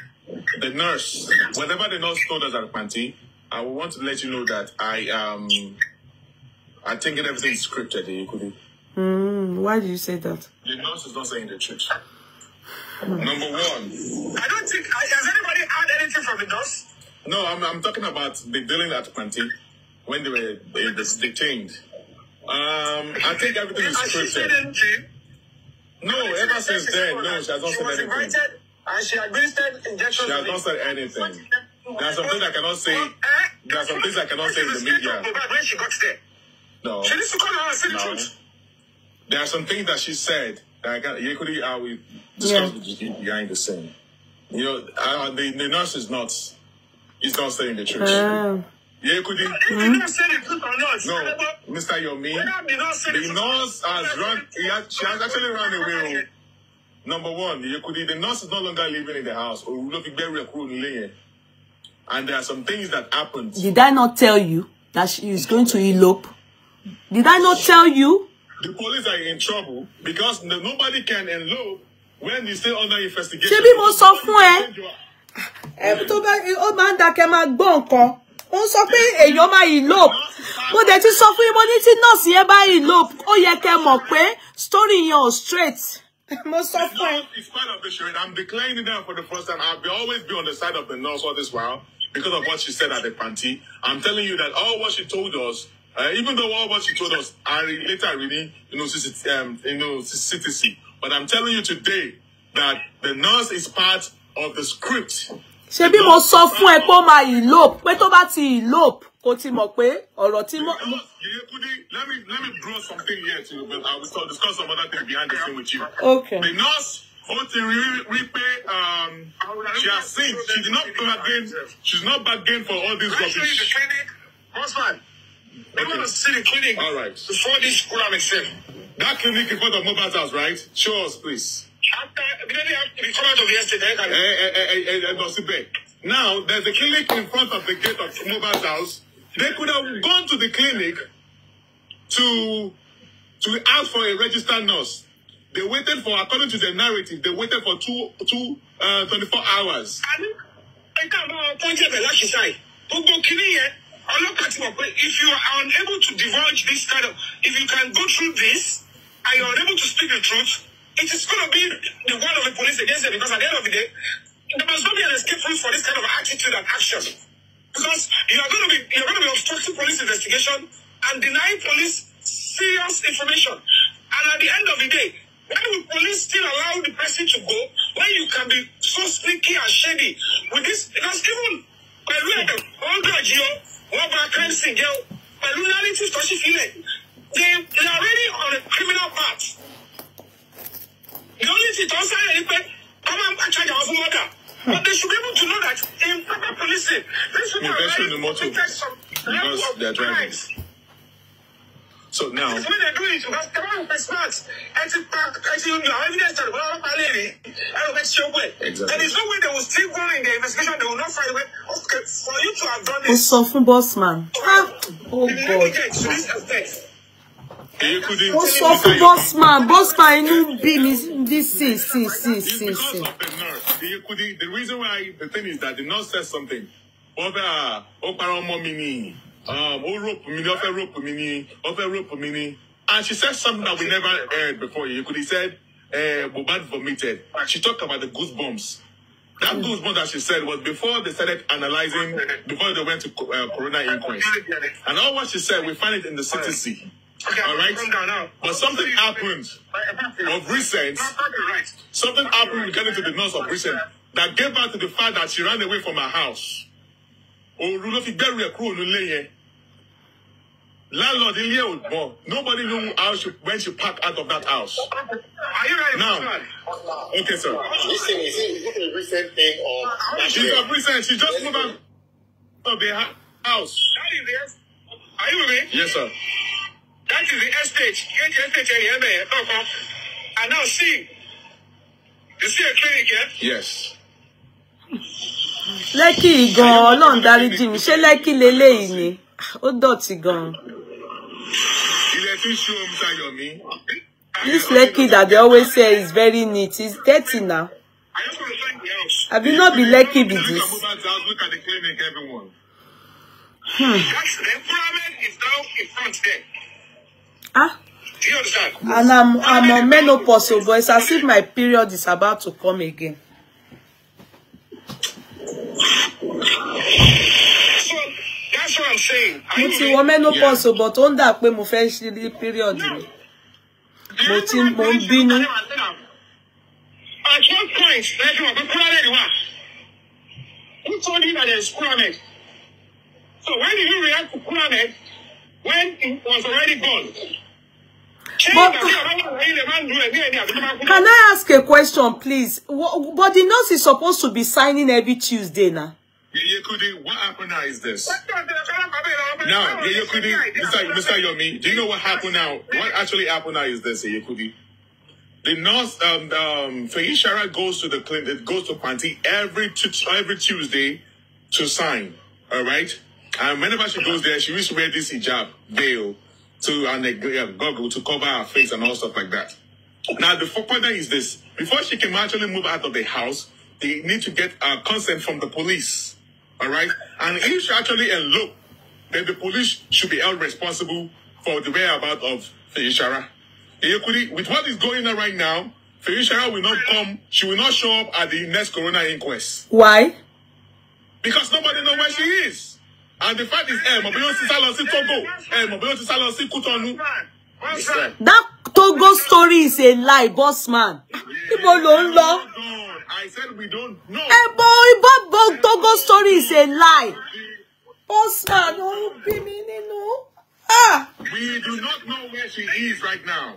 the nurse, whatever the nurse told us at I want to let you know that I um, I think everything is scripted. Mm, why do you say that? The nurse is not saying the truth. Number one. I don't think. Has anybody heard anything from the nurse? No, I'm, I'm talking about the dealing at Panti when they were they, eh, they detained. Um, I think everything is scripted. No, ever since then, no, she has not said anything. Invited? And she administered injections. She has not said anything. There are some things I cannot say. There are some things I cannot say in the media. When she got there. No. She needs to come out and say the truth. There are some things that she said that I can you could uh, we discussed yeah. behind the scene. You know, uh, the, the nurse is not He's not saying the truth. Oh. Yeah, could he? or not, No, Mr. Yomi, the nurse has run. He has, she has actually run away. Oh. number one ìyẹkùdí the nurse is no longer living in the house or ló fi gbẹ́rù ẹ̀ kúrò nílé yẹn and there are some things that happened. did I not tell you that she is going to elope did I not tell you. the police are in trouble because nobody can elope when they stay under investigation. She be mo sọ fún ẹ ẹ tó bá ó máa ń dákẹ́ máa gbọ́ nǹkan ó ń elope mo dẹ̀ ti sọ fún yín mo ní tí nọ́ọ̀sì yẹn bá elope ó ye kẹ́ mọ̀ pé story yẹn ò straight. (laughs) Most of fún ẹ. the of the shirt i'm declining them for the first time i'll be always be on the side of the nurse all this while because of what she said at the panty i'm telling you that all what she told us uh, even though all what she told us are later really you know CCT, um, you know CTC but i'm telling you today that the nurse is part of the script. ṣebí mo sọ fún ẹ pé ó máa elope pé tó bá ti elope kò ti mọ̀ pé ọ̀rọ̀ tí mo. Yeyekudi let me let me draw something here to you but I will still discuss some other thing behind the scene with you. Okay. The nurse ó ti rí rí pé she has seen she did not bargain she did not bargain for all this rubbish. Can I show you the clinic? Husband, okay. they want to see the clinic all right. before this program is safe. That clinic in front of Mobile's house, right? Show us, please. After, immediately after the of yesterday, I Eh, eh, eh, eh, eh, Now, there's a clinic in front of the gate of Mobile's house. They could have gone to the clinic to to ask for a registered nurse. They waited for, according to the narrative, they waited for two, two uh, 24 hours. If you are unable to divulge this kind of, if you can go through this and you are able to speak the truth, it is going to be the word of the police against them because at the end of the day, there must not be an escape route for this kind of attitude and action. Because you are going to be you are going to be obstructing police investigation and denying police serious information. And at the end of the day, why would police still allow the person to go when you can be so sneaky and shady with this? Because even pẹ̀lú ẹ̀dọ̀ ọ̀gàjì o wọ́n bá crime scene jẹ́ o pẹ̀lú narrative tó ṣì filẹ̀ they they are already on a criminal path. The only thing tó ń sáré ni pé wọ́n máa ń bá charge àwọn fún murder. But they should be able to know that in proper policing, they should be no, to committed some level of crimes. So now, when they do it, because come on, smart, anti pack, you union, evidence that we're all lady I will make sure way. Exactly. There is no way they will still go in the investigation, they will not find a way. Okay, for you to have done this. Ó sọ fún boss man. Ah, oh, God. To this extent mo sọ fún bosman bosman inú bí mi ní sí sí sí sí sí. the reason why the thing is that the nurse says something ọbẹ̀ ah, ó parọ́ ọmọ mi ni um, ó rope mi ni ó fẹ́ rope mi ni rope mi and she said something that we never heard before Yekudi said uh, Mohbad vomited she talked about the goosebumps that goosebumps that she said was before they started analyzing before they went to uh, coroner inquest and all what she said we find it in the CTC. Okay, All right. But something happened of recent. Something happened regarding to the nurse of recent that gave back to the fact that she ran away from her house. Òru ló fi gbẹ́rù ẹ̀ kúrò nílé yẹn. Landlord ilé ò gbọ́. Nobody knew how she when she packed out of that house. Are you ready? Now, okay, sir. Listen, is it, a recent thing or? She's a recent. She just moved out of the house. That is it. Are you with me? Yes, sir that is the estate the estate ẹni ẹ bẹ̀yẹ kọ̀ọ̀kan and now see you see a clinic yẹn. yes. lẹ́kì gan ọlọ́run dáríjì mi ṣé lẹ́kì leléyìí ni ó dọ̀tí gan. ilẹ̀ tí ṣú omi tayọ̀ mi. This Lekki that they always say is very neat is dirty now. Have you not be Lekki be this? Look at the clinic, Hmm. That's the environment is now in front there. Ah. Do you understand? And I'm, I'm on menopause, so oh, but it's as if my period is about to come again. So, that's what I'm saying. Mo oh, but on that dà my mo period mi. Mo ti mo ń bínú. At what point, lẹ́jọ́ ọ̀pẹ kúrẹ́lẹ̀ ni wà? Who told you that there is So when did you react to kúrẹ́lẹ̀ when it was already gone? But, can I ask a question, please? But the nurse is supposed to be signing every Tuesday now. Yekudi, what happened now is this. Now, Yekudi, Mr. Mr. Yomi, do you know what happened now? What actually happened now is this, Yekudi. The nurse, um, um, Fahishara goes to the clinic, goes to Panti every, every Tuesday to sign, all right? And whenever she goes there, she used to wear this hijab, veil to and a, a goggle to cover her face and all stuff like that. Now, the point is this. Before she can actually move out of the house, they need to get uh, consent from the police. All right? And if she actually elope, then the police should be held responsible for the whereabout of Feyishara. with what is going on right now, Feyishara will not come. She will not show up at the next coroner inquest. Why? Because nobody knows where she is. and the fact is ẹ mọ̀ bóyá ó ti sá Togo ẹ mọ̀ bóyá ó ti sá lọ eh, that Togo story is a lie boss man ibo ló ń lọ. ẹ̀bọ̀ oh, eh, ìbọ̀bọ̀ Togo story is a lie boss man ó bí mi nínú. Ah! we do not know where she is right now.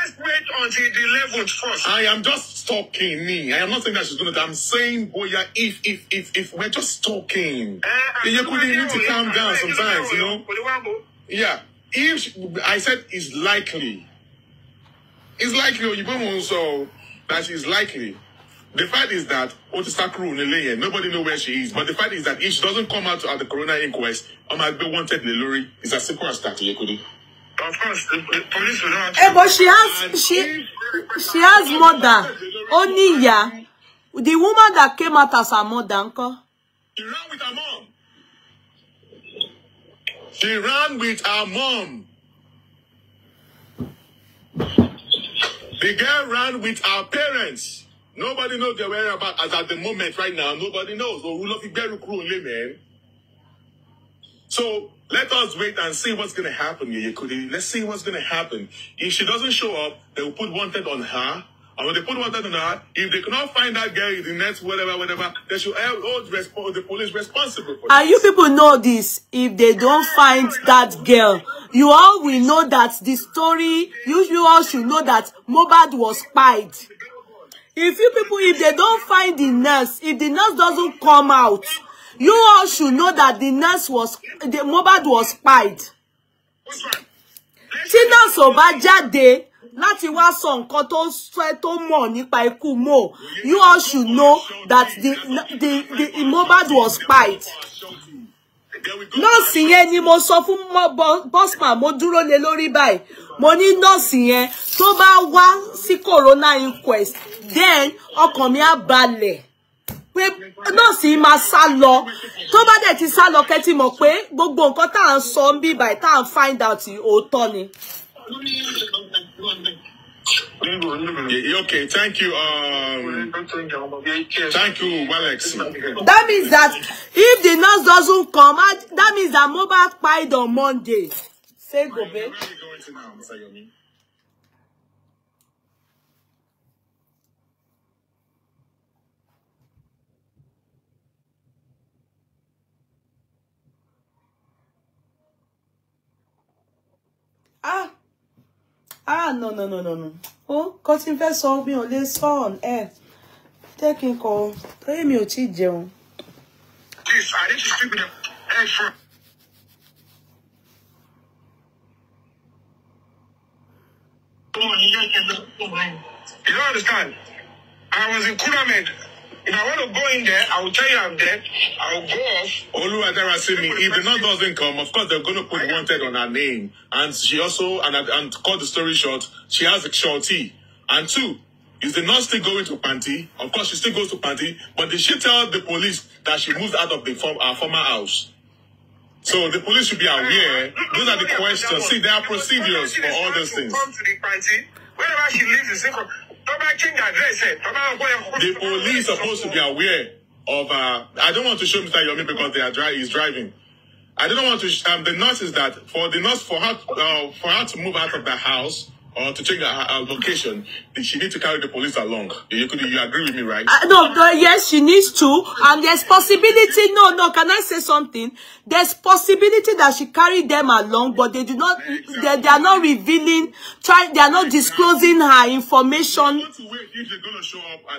Let's wait until the level first. I am just talking me. I am not saying that she's doing it. I'm saying, Boya, if, if, if, if we're just talking. Uh, you need to calm down sometimes, you know? Yeah. If I said it's likely. It's likely, You you also that she's likely. The fact is that Otisa Crew Nileye, nobody know where she is. But the fact is that if she doesn't come out at the coroner inquest, be wanted Liluri. It's as simple as that, Yekudi. Of course, the, the police will not. Hey, but she has she she has mother. Only ya. The woman that came out as her mother, uncle. She ran with her mom. She ran with her mom. The girl ran with her parents. Nobody knows their whereabouts as at the moment right now. Nobody knows. So, man. So, Let us wait and see what's going to happen, Yeyekudi. Let's see what's going to happen. If she doesn't show up, they will put wanted on her. And when they put wanted on her, if they cannot find that girl in the next whatever, whatever, they should hold the police responsible for And you people know this. If they don't find that girl, you all will know that the story, you, you all should know that Mohbad was spied. If you people, if they don't find the nurse, if the nurse doesn't come out, You all should know that the nurse was, the mobile was spied. Tí nurse ò bá jáde láti wá sọ nǹkan tó fẹ́ tó mọ̀ nípa Mo, you all should know that the, the, the, mobile was spied. No yẹn ni mo sọ fún bọ́sùmà mo dúró lé lórí báyìí. Mo ní nọ́ọ̀sì yẹn tó bá wá sí corona inquest then ọkàn mi á balẹ̀ pé nọ́ọ̀sì máa sá lọ tó bá dẹ̀ ti sá lọ kẹ́tì mọ̀ pé gbogbo nǹkan tá à ń sọ ń bí báyìí tá à ń find out òótọ́ ni. Okay, thank you. Um, thank you, Alex. That means that if the nurse doesn't come, that means that mobile died on Monday. Say go, babe. Where are you going to now, Mr. Yomi? ah ah no no no no no ó kọ́ tí n fẹ́ mi ò lè sọ on air jẹ́ kí n kọ torí mi ò tí ì jẹun. please i need to speak You don't understand. I was in Kudamed If I want to go in there, I will tell you I'm there. I will go off. me. if the nun doesn't come, of course they're going to put wanted on her name. And she also, and, and cut the story short, she has a shorty. And two, is the nurse still going to Panti? Of course, she still goes to Panti, but did she tell the police that she moved out of the form, our former house? So the police should be uh, aware. Uh, uh, those are the questions. See, there are procedures for all those things. To come the Wherever she lives, is The police are supposed to be aware of. Uh, I don't want to show Mr. Yomi because they are dri- he's driving. I don't want to. Um, the nurse is that for the nurse for her uh, for her to move out of the house, or to change her, her location, she needs to carry the police along. You could, you agree with me, right? Uh, no, no, yes, she needs to. And there's possibility. No, no, can I say something? There's possibility that she carried them along, but they do not. They, they are not revealing. Try. They are not disclosing her information. Eh,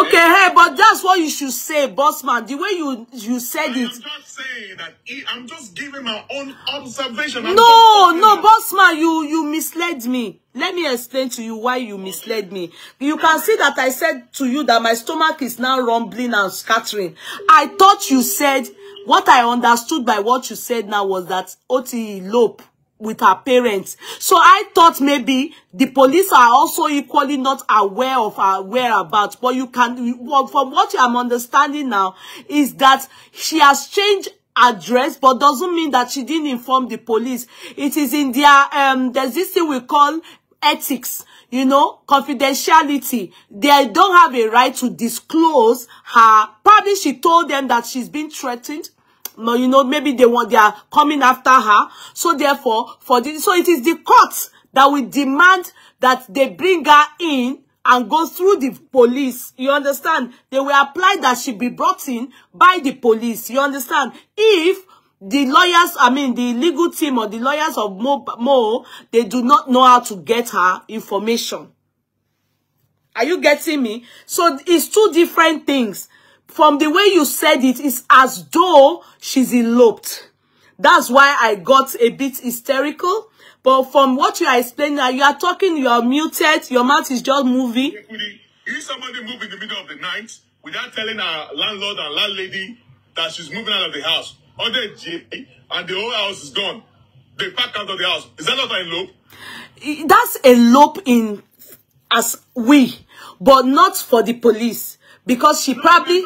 okay, hey, but that's what you should say, bossman. The way you you said it. I'm just saying that I'm just giving my own observation. I'm no, no, bossman, you you misled me. Let me explain to you why you misled me. You can see that I said to you that my stomach is now rumbling and scattering. I thought you said, what I understood by what you said now was that Oti elope with her parents. So I thought maybe the police are also equally not aware of her whereabouts. But you can, from what I'm understanding now, is that she has changed address, but doesn't mean that she didn't inform the police. It is in their, um, there's this thing we call ethics, you know, confidentiality. They don't have a right to disclose her. Probably she told them that she's been threatened. No, you know, maybe they want, they are coming after her. So therefore, for this, so it is the court that will demand that they bring her in and go through the police. You understand? They will apply that she be brought in by the police. You understand? If the lawyers, I mean, the legal team or the lawyers of Mo, Mo they do not know how to get her information. Are you getting me? So it's two different things. From the way you said it, it's as though she's eloped. That's why I got a bit hysterical But from what you are explaining, you are talking, you are muted, your mouth is just moving. If somebody move in the middle of the night without telling our landlord and landlady that she's moving out of the house, on the and the whole house is gone, they pack out of the house. Is that not an elope? That's elope in as we, but not for the police because she no, probably.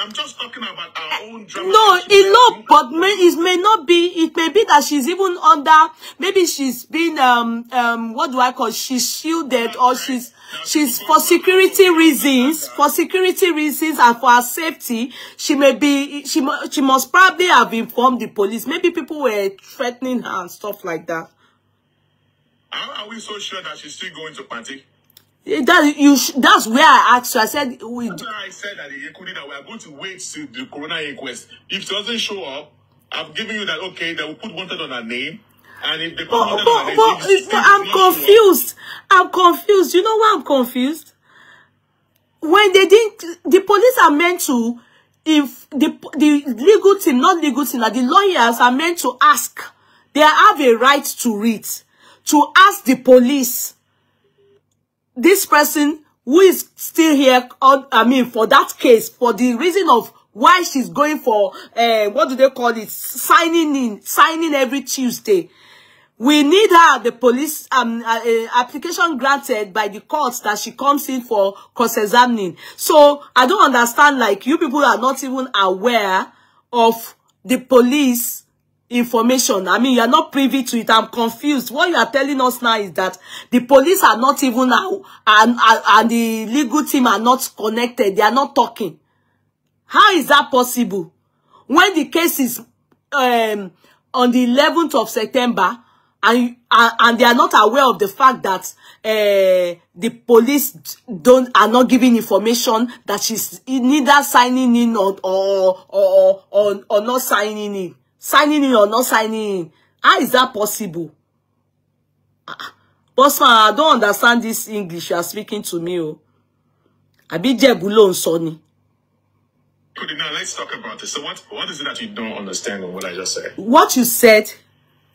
I'm just talking about our eh, own drama. No, it no, but may, it may not be. It may be that she's even under. Maybe she's been um um. What do I call? She's shielded or she's she's for security reasons. For security reasons and for her safety, she may be. She she must probably have informed the police. Maybe people were threatening her and stuff like that. How are we so sure that she's still going to party? That you that's where I asked you. I said we. I said that the that we are going to wait to the coroner inquest. If it doesn't show up, I've given you that okay. That we put wanted on her name. And if they put but, but, name, but I'm confused. I'm confused. You know why I'm confused? When they didn't, the police are meant to. If the the legal team, not legal team, like the lawyers are meant to ask. They have a right to read. To ask the police this person who is still here, on, I mean, for that case, for the reason of why she's going for, uh, what do they call it, signing in, signing every Tuesday. We need her, the police um, uh, application granted by the courts that she comes in for cross-examining. So I don't understand, like, you people are not even aware of the police information. I mean, you are not privy to it. I'm confused. What you are telling us now is that the police are not even now, and, and, the legal team are not connected. They are not talking. How is that possible? When the case is um, on the 11th of September, and, and they are not aware of the fact that uh, the police don't are not giving information that she's neither signing in or or or, or, or not signing in signing in or not signing in. How is that possible? Ah, Bosman, I don't understand this English you are speaking to me. Oh. I be ló ń sọ Okay, now let's talk about this. So what, what is it that you don't understand in what I just said? What you said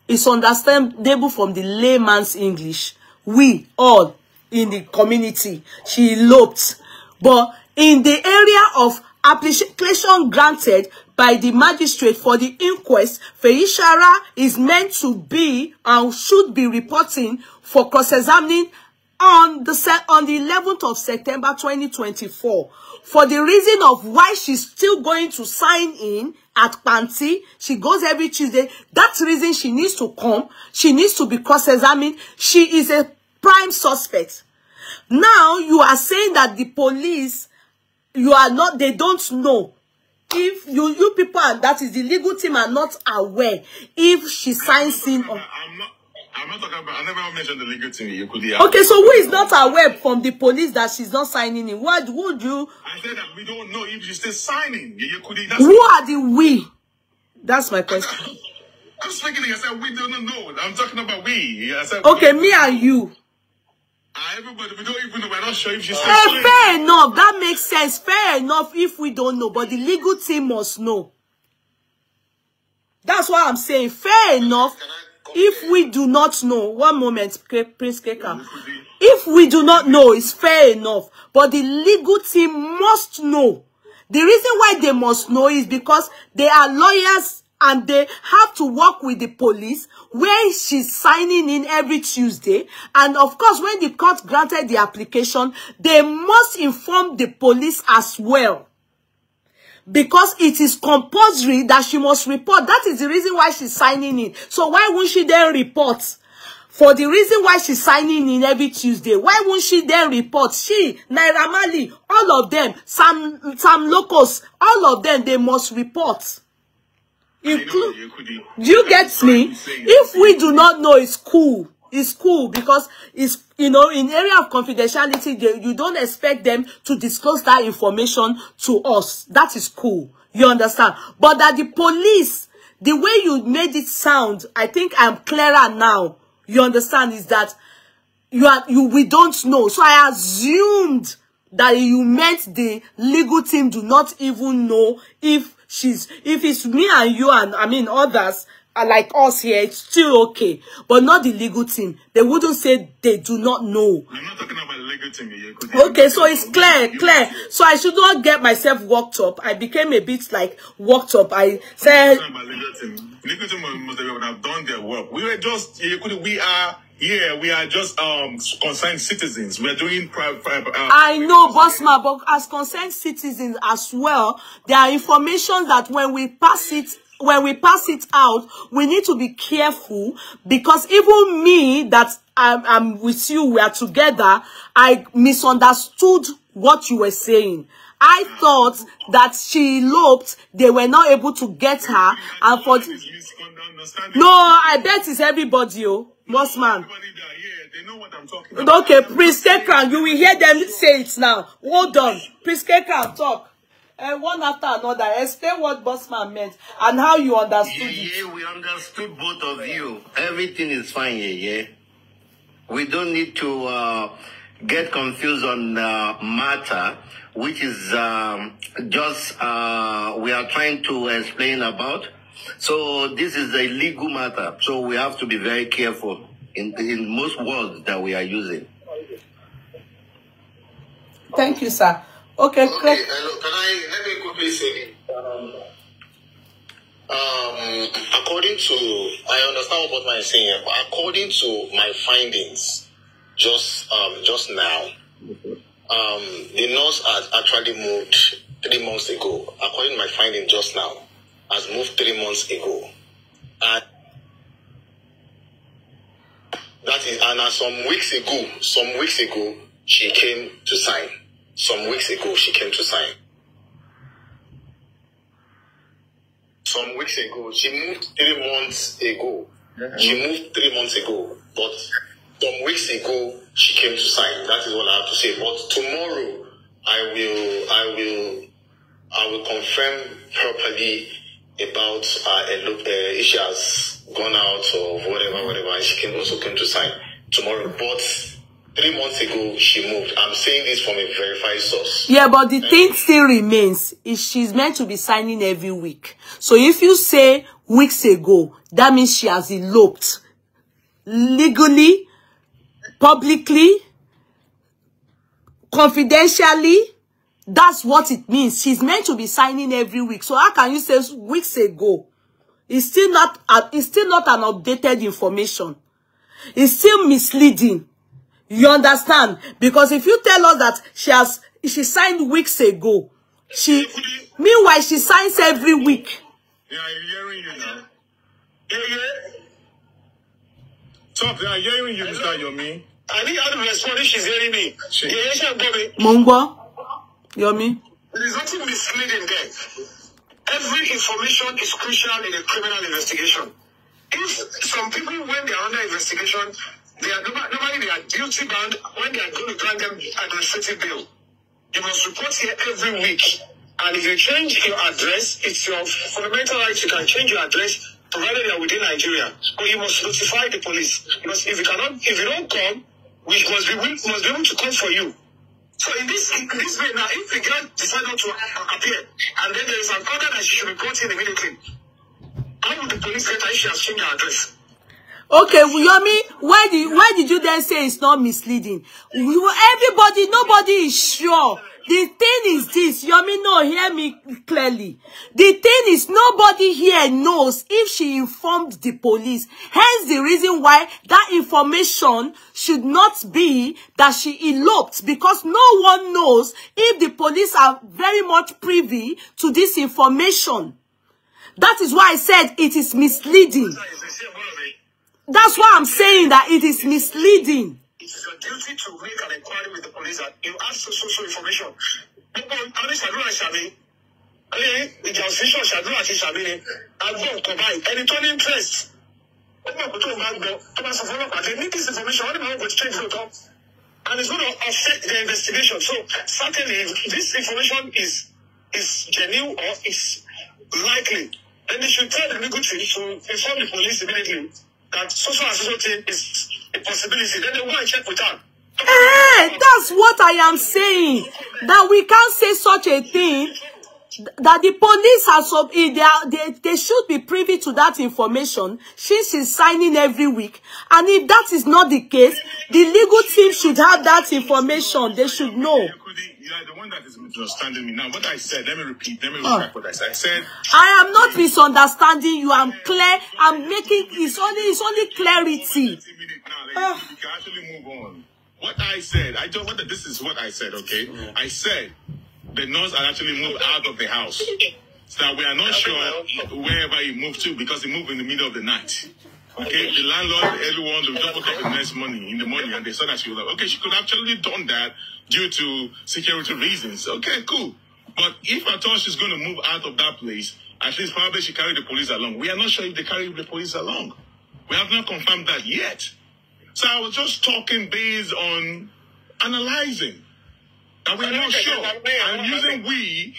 is understandable from the layman's English. We all in the community, she eloped. But in the area of application granted by the magistrate for the inquest, Feishara is meant to be and should be reporting for cross-examining on the on the 11th of September 2024 for the reason of why she's still going to sign in at Panti. She goes every Tuesday. That's reason she needs to come. She needs to be cross-examined. She is a prime suspect. Now you are saying that the police, you are not, they don't know if you you people and that is the legal team are not aware if she signs in, on. I'm not I'm not talking about I never mentioned the legal team. You could hear. Okay, so who is not aware from the police that she's not signing in? What would you I said that we don't know if she's still signing. You could that's Who are the we? That's my question. I'm speaking, I said we don't know. I'm talking about we. I said, okay, we. me and you. Ah, everybody, we don't even know. We're not sure if she's eh, still uh, Fair enough. That makes sense. Fair enough if we don't know. But the legal team must know. That's what I'm saying. Fair enough if we do not know. One moment, Prince Keka. If we do not know, it's fair enough. But the legal team must know. The reason why they must know is because they are lawyers and they have to work with the police where she's signing in every Tuesday. And of course, when the court granted the application, they must inform the police as well. Because it is compulsory that she must report. That is the reason why she's signing in. So why won't she then report? For the reason why she's signing in every Tuesday, why won't she then report? She, Naira Mali, all of them, some some locals, all of them, they must report include do you get me if we do not know it's cool it's cool because it's you know in area of confidentiality they, you don't expect them to disclose that information to us that is cool you understand but that the police the way you made it sound i think i'm clearer now you understand is that you are you we don't know so i assumed that you meant the legal team do not even know if She's if it's me and you and I mean others like us here, it's still okay. But not the legal team. They wouldn't say they do not know. I'm not talking about legal team here. Okay, so it's clear, clear. So I should not get myself worked up. I became a bit like worked up. I said... I'm not Legal team. Legal team must have done their work. We were just... We are... Yeah, we are just um concerned citizens. We are doing private. Uh, I know, Bosma, but as concerned citizens as well, there are information that when we pass it when we pass it out, we need to be careful because even me that I'm, I'm with you, we are together, I misunderstood what you were saying. I thought that she eloped, they were not able to get her, and for... No, I bet it's everybody, oh, most man. Okay, Prince Kekran, you will hear them say it now. Hold on. Prince Kekran, talk uh, one after another. Explain what Bossman meant and how you understood yeah, it. Yeah, we understood both of you. Everything is fine, yeah, yeah. We don't need to uh, get confused on uh, matter, which is um, just uh, we are trying to explain about. So this is a legal matter, so we have to be very careful in, in most words that we are using. Thank you, sir. Okay, okay correct. hello. Can I, let me quickly say this. Um, according to, I understand what I'm saying, but according to my findings, just um, just now, um, the nurse has actually moved three months ago. According to my finding just now, has moved three months ago, and that is, and some weeks ago, some weeks ago, she came to sign. Some weeks ago, she came to sign. Some weeks ago, she moved three months ago. Yeah. She moved three months ago, but some weeks ago she came to sign. That is all I have to say. But tomorrow, I will, I will, I will confirm properly about uh, uh, if she has gone out or whatever, whatever. She came also came to sign tomorrow, but three months ago she moved. I'm saying this from a verified source. Yeah, but the and thing still remains is she's meant to be signing every week. So if you say weeks ago, that means she has eloped legally, publicly, confidentially. That's what it means. She's meant to be signing every week. So how can you say weeks ago? It's still not, uh, it's still not an updated information. It's still misleading. You understand? Because if you tell us that she has she signed weeks ago, she meanwhile she signs every week. Yeah, I'm hearing you now. Yeah, yeah. Stop, hearing you, Mr. Yomi. I think out of responding, she's hearing me. She. Yeah, she me. Mongwa, Yomi. There's nothing misleading there. Every information is crucial in a criminal investigation. If some people, when they are under investigation, They are nobody. they are duty bound when they are going to grant them administrative bill. You must report here every week. And if you change your address, it's your fundamental right. You can change your address provided you are within Nigeria. But you must notify the police. Because if you cannot, if you don't come, we must be, we must be able to come for you. So in this in this way now, if the girl decides not to appear, and then there is an order that she should report in immediately, how would the police get her if she has changed her address? Okay, Yomi, why did why did you then say it's not misleading? Everybody, nobody is sure. The thing is this, Yomi, no, hear me clearly. The thing is nobody here knows if she informed the police. Hence the reason why that information should not be that she eloped because no one knows if the police are very much privy to this information. That is why I said it is misleading. That's why I'm saying that it is misleading. It is your duty to make an inquiry with the police and you ask for social information. Gbogbo àwọn ìṣàdúrà ìṣàmì and it's going to affect the investigation so certainly if this information is is genuine or is likely then they should tell the legal to inform the police immediately that social and social change is a possibility, then they go and check with her. Hey, eh, that's what I am saying. That we can't say such a thing. That the police are sub eh, they, they they should be privy to that information since she's signing every week. And if that is not the case, The legal team should have that information. They should know. You are the one that is misunderstanding me. Now, what I said, let me repeat. Let me ah. repeat what I said. I am not misunderstanding you. I'm clear. I'm making it's only it's only clarity. Ah. you can actually move on. What I said, I don't. What this is what I said. Okay, I said the nurse had actually moved out of the house. (laughs) So that we are not sure wherever he moved to because he moved in the middle of the night. Okay, the landlord, everyone will double up the next money in the morning, and they said that she was like, okay, she could actually done that due to security reasons. Okay, cool. But if at all she's going to move out of that place, at least probably she carried the police along. We are not sure if they carried the police along. We have not confirmed that yet. So I was just talking based on analyzing. And we're not sure. I'm using we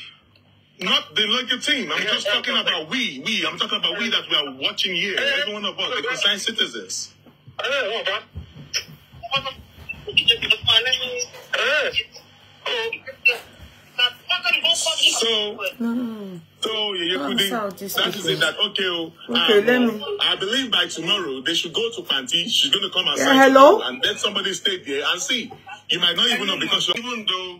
Not the local team. I'm just talking about we. We. I'm talking about we that we are watching here. Every one of us, the concerned citizens. So, mm. so you could that is it. That okay? Oh, okay, um, let me. I believe by tomorrow they should go to Panti. She's gonna come and yeah, hello, and let somebody stay there and see. You might not even know because even though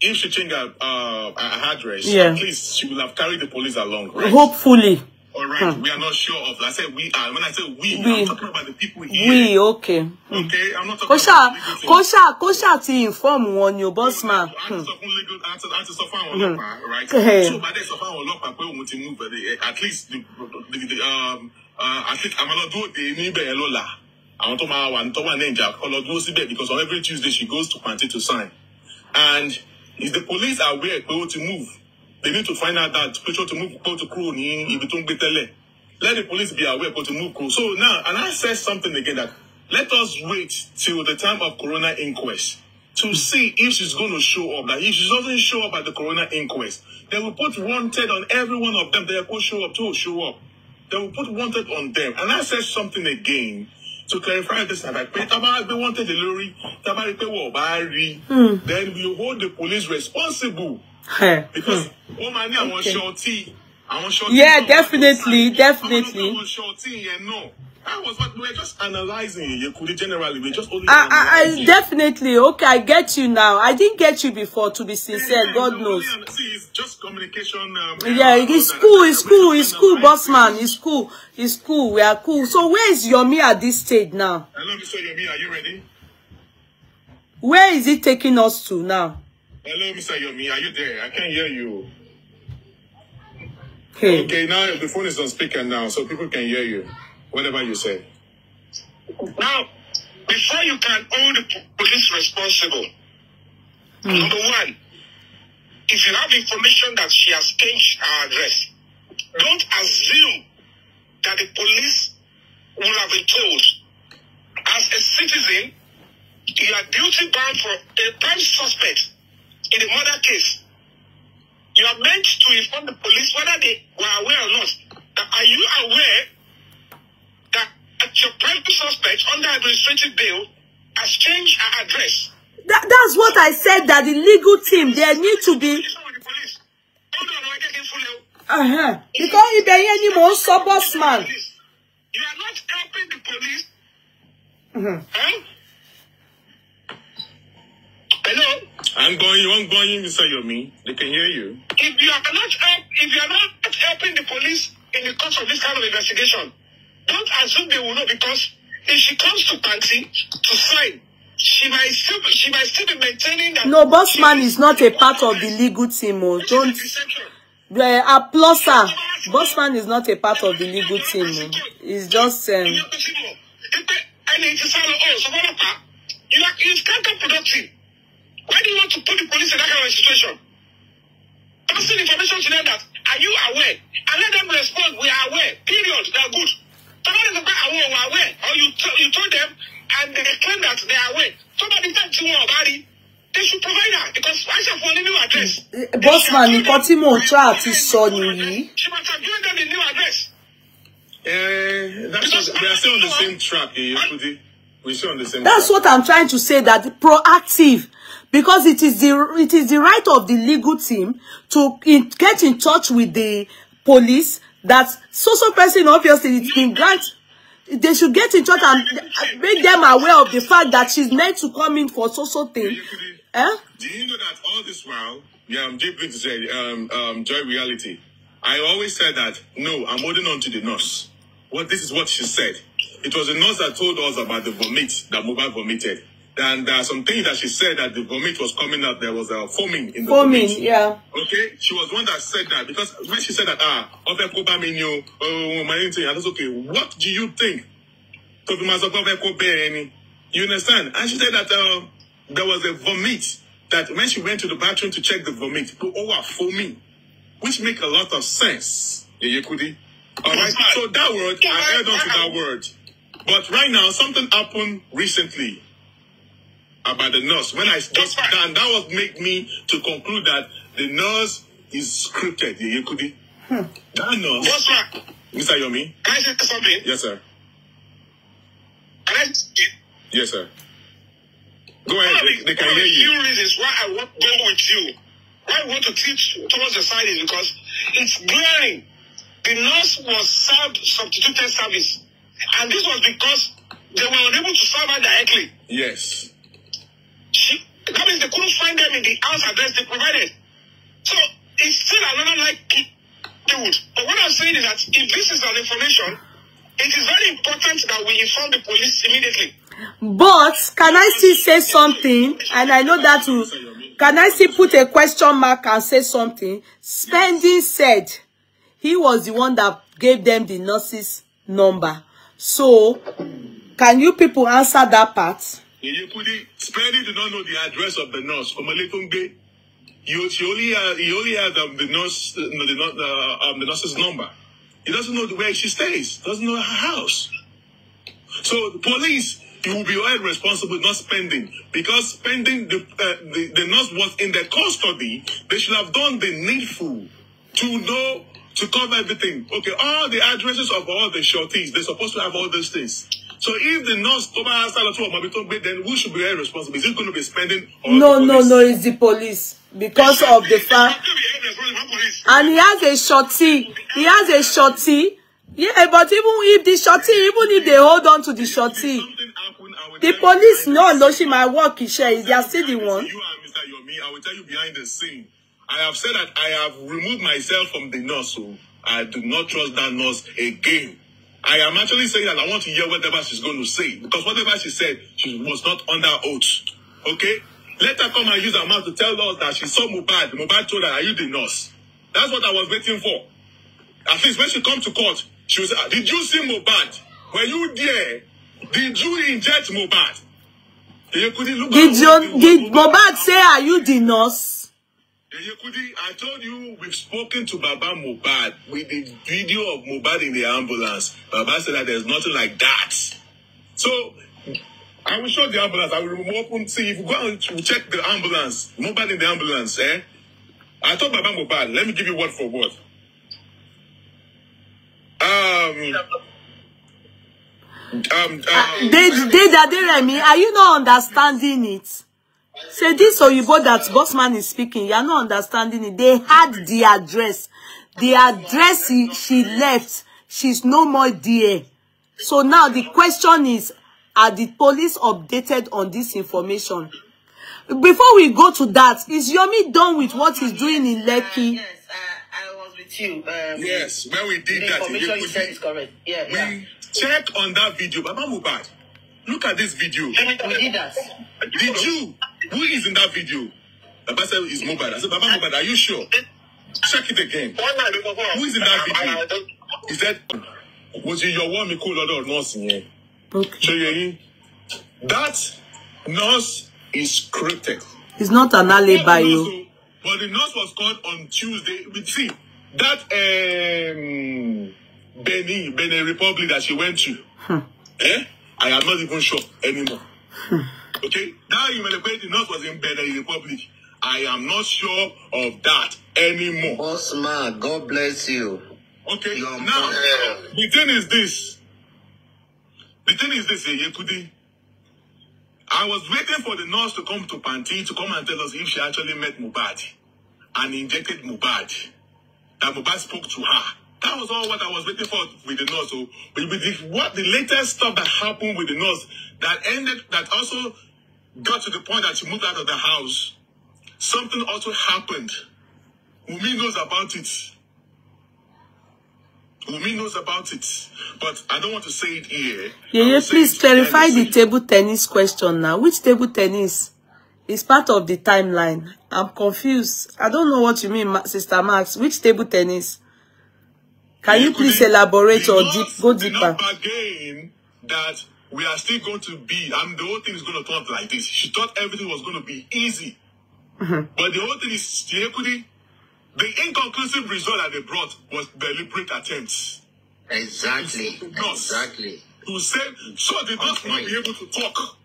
if she changed her, uh, her address, yeah. at least she will have carried the police along, right? Hopefully. All right, hmm. we are not sure of. I said we are. When I say we, we, I'm talking about the people here. We, okay. Hmm. Okay, I'm not talking Kosha, about Kosha, Kosha ti inform wọn your boss man. Hmm. Hmm. Right? So, by the Sofan Olopa, pé òun ti move, eh, at least the, the, the um, uh, at least Amalodo, the Nibe Elola. àwọn tó máa wà ní tọ́wà ní ìjà kọ́ lọ dúró síbẹ̀ because on every Tuesday she goes to Panti to sign and if the police are aware pé ó ti move they need to find out that pé ó ti move pé ó ti kúrò ní ibi tó ń gbé tẹ́lẹ̀ let the police be aware pé ó ti move kúrò so now and I say something again that let us wait till the time of coroner inquest to see if she's going to show up. That like if she doesn't show up at the coroner inquest, they will put wanted on every one of them. They will show up, to show up. They will put wanted on them. And I say something again to clarify this and like pé tá a bá gbé wọ́n tẹ̀lé lórí tá a bá hmm. then we hold the police responsible because hmm. wọ́n máa ní àwọn ṣọtí àwọn ṣọtí. yeah definitely definitely. àwọn ṣọtí yẹn náà. I was but were just analyzing Yekudi generally. we're just only. I, I, I definitely okay. I get you now. I didn't get you before. To be sincere, yeah, God no, knows. Really, see, it's just communication. Um, yeah, it's cool. It's cool. It's cool, boss man. It's cool. It's cool. We are cool. So where is Yomi at this stage now? Hello, Mr. Yomi. Are you ready? Where is it taking us to now? Hello, Mr. Yomi. Are you there? I can't hear you. Okay. Okay. Now the phone is on speaker now, so people can hear you whatever you say. Now, before you can hold the police responsible, mm. number one, if you have information that she has changed her address, don't assume that the police will have been told. As a citizen, you are duty bound for a prime suspect in the murder case. You are meant to inform the police whether they were aware or not. Are you aware At your primary suspect under administrative bail has changed her address. That, that's what I said, that the legal team, there need to be... Uh-huh. Because if they any more so boss man. You are not helping the police. Mm-hmm. Huh? Hello? I'm going, I'm going, Mr. Yomi. They can hear you. If you are not help, if you are not helping the police in the course of this kind of investigation, Don't assume they will know because if she comes to party to sign, she might still she might still be maintaining that. No, Bossman is not a part of the legal team. Oh. Don't uh, applause her. Bossman is not a part of the legal team. Oh. It's just um. You are, it's counterproductive. Why do you want to put the police in that kind of situation? Passing information to them that are you aware? And let them respond. We are aware. Period. They are good. Somebody bá nínú pé àwọn ọ̀wọ̀ àwẹ̀ or you told, you told them and they claim that they are away Somebody bá di time tí wọn they should provide her because wọ́n ṣe find ọ new address. Mm, eh, bosman nǹkan tí mò ń tọ́ àti sọ nìyí. she must have given them a new address. Uh, eh, that's we are still on the same track, eh, Yehudi. We're still on the same That's track. what I'm trying to say, that proactive, because it is the it is the right of the legal team to in, get in touch with the police that so so person obviously it's been grant they should get in touch and make them aware of the fact that she's meant to come in for so so thing. Do you, eh? do you know that all this while, yeah, I'm deeply to say, um, um, joy reality. I always said that, no, I'm holding on to the nurse. What well, this is what she said. It was the nurse that told us about the vomit that Mobile vomited and some things that she said that the vomit was coming out, there was a uh, foaming in the foaming, vomit. yeah. Okay, she was one that said that because when she said that, ah, ọfẹ kó bá mi oh my auntie, I okay. What do you think? Tobi Mazopo ọfẹ kó bẹ́ẹ̀ ni. You understand? And she said that uh, there was a vomit that when she went to the bathroom to check the vomit, it was foaming, which make a lot of sense. Yeyekudi. All right. So that word, I held on to that word. But right now, something happened recently about the nurse. When I just right. and that was make me to conclude that the nurse is scripted. You could be hmm. that nurse. Yes, right. Mr. Yomi. Can I say something? Yes, sir. Can I speak? Yes, sir. Go one ahead. The they can hear you. One of the reasons why I want to go with you, why I want to teach towards the side is because it's glaring. The nurse was served substituted service, and this was because they were unable to serve her directly. Yes. That means they couldn't find them in the house address they provided. So it's still another like would. But what I'm saying is that if this is an information, it is very important that we inform the police immediately. But can I still say something? And I know that will, can I still put a question mark and say something? Spending said he was the one that gave them the nurse's number. So can you people answer that part? Yekudi, Sperry not know the address of the nurse, Omaletunde. He, he only, uh, he only has um, the nurse, uh, the, uh, um, the nurse's number. He doesn't know where she stays, doesn't know her house. So the police, will be held responsible not spending because spending the, uh, the, the nurse was in their custody. They should have done the needful to know to cover everything. Okay, all the addresses of all the shorties, they're supposed to have all those things. So if the nurse tó bá sálọ tó ọmọ mi tó gbé then who should be responsible? Is it going to be spending or no, the police? No, no, no, it's the police because of the fact. And he has a shorty. He has a shorty. Yeah, but even if the shorty, even if they hold on to the shorty, the police know she my work is share. Is they are still the one? You and Mr. Yomi, I will tell you behind the scene. I have said that I have removed myself from the nurse, so I do not trust that nurse again. I am actually saying that I want to hear whatever she's going to say because whatever she said, she was not under oath. Okay? Let her come and use her mouth to tell us that she saw Mubad. Mubad told her, Are you the nurse? That's what I was waiting for. At least when she come to court, she was, ah, Did you see Mubad? Were you there? Did you inject Mubad? Did, you, did, Mubad say, Are you the nurse? Yekudi, I told you we've spoken to Baba Mubad with the video of Mubad in the ambulance. Baba said that there's nothing like that. So I will show the ambulance. I will open, see if you go and check the ambulance, Mubad in the ambulance, eh? I told Baba Mubad, let me give you word for word. Um. Um, um, uh, they, they, they, they, Remy, are you not understanding it? Say this or you Oyibo that boss man is speaking, you are not understanding it. They had the address. The address he, she left, she's no more there. So now the question is, are the police updated on this information? Before we go to that, is Yomi done with what he's doing in uh, Lekki? Uh, yes, I, I was with you. Um, yes, when we did the that. The information you said is correct. Yeah, we yeah. check on that video. Baba Mubad, look at this video. We did that. Did you? Who is in that video? Baba said it's Mohbad. I said, Baba Mohbad, are you sure? Check it again. Who is in that video? He said, Was it your one cool order or nurse? in here. Okay. That nurse is cryptic. It's not an alibi. You. But the nurse was called on Tuesday. But see, that um, Benny, Benin Republic that she went to, hmm. eh? I am not even sure anymore. Hmm. Okay? That Imelepe did not was in Benin Republic. I am not sure of that anymore. Osman, God bless you. Okay, Your now, man. the thing is this. The thing is this, Yekudi. I was waiting for the nurse to come to Panti to come and tell us if she actually met Mubad and injected Mubad. That Mubad spoke to her. That was all what I was waiting for with the nurse. So, oh. with the, what the latest stuff that happened with the nurse that ended, that also got to the point that she moved out of the house, something also happened. Umi knows about it. Umi knows about it. But I don't want to say it here. Yeah, yeah, please clarify the table tennis question now. Which table tennis is part of the timeline? I'm confused. I don't know what you mean, Sister Max. Which table tennis? Can yeah, you please elaborate or deep, go deeper? that we are still going to be, I mean, the whole thing is going to turn up like this. She thought everything was going to be easy. Mm-hmm. But the whole thing is, Yekudi, the inconclusive result that they brought was deliberate attempts. Exactly. To exactly. To say, so the nurse okay. will be able to talk,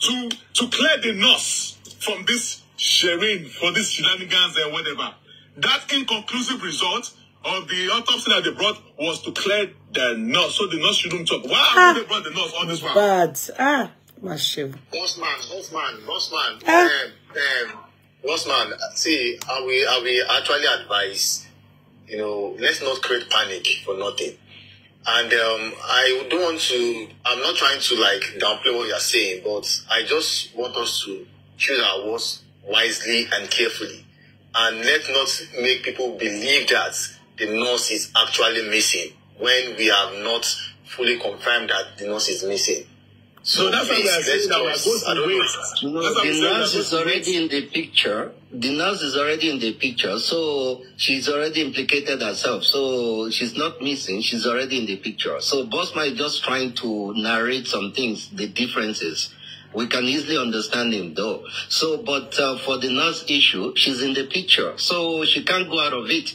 to to clear the nurse from this sharing, for this shenanigans and whatever. That inconclusive result of the autopsy that they brought was to clear the nurse, so the nurse shouldn't talk. Why ah, they brought the nurse on this one? Bad. Ah, my shiv. Bossman, Hoffman, bossman. Ah. Um, um, bossman, see, are we are we actually advise, you know, let's not create panic for nothing. And um, I don't want to, I'm not trying to like downplay what you're saying, but I just want us to choose our words wisely and carefully. And let not make people believe that the nurse is actually missing when we have not fully confirmed that the nurse is missing. So, so that's why we are saying that we are going to wait. No, the nurse is already in the picture. The nurse is already in the picture, so she's already implicated herself. So she's not missing. She's already in the picture. So Bosma is just trying to narrate some things, the differences. We can easily understand him though. So, but uh, for the nurse issue, she's in the picture, so she can't go out of it.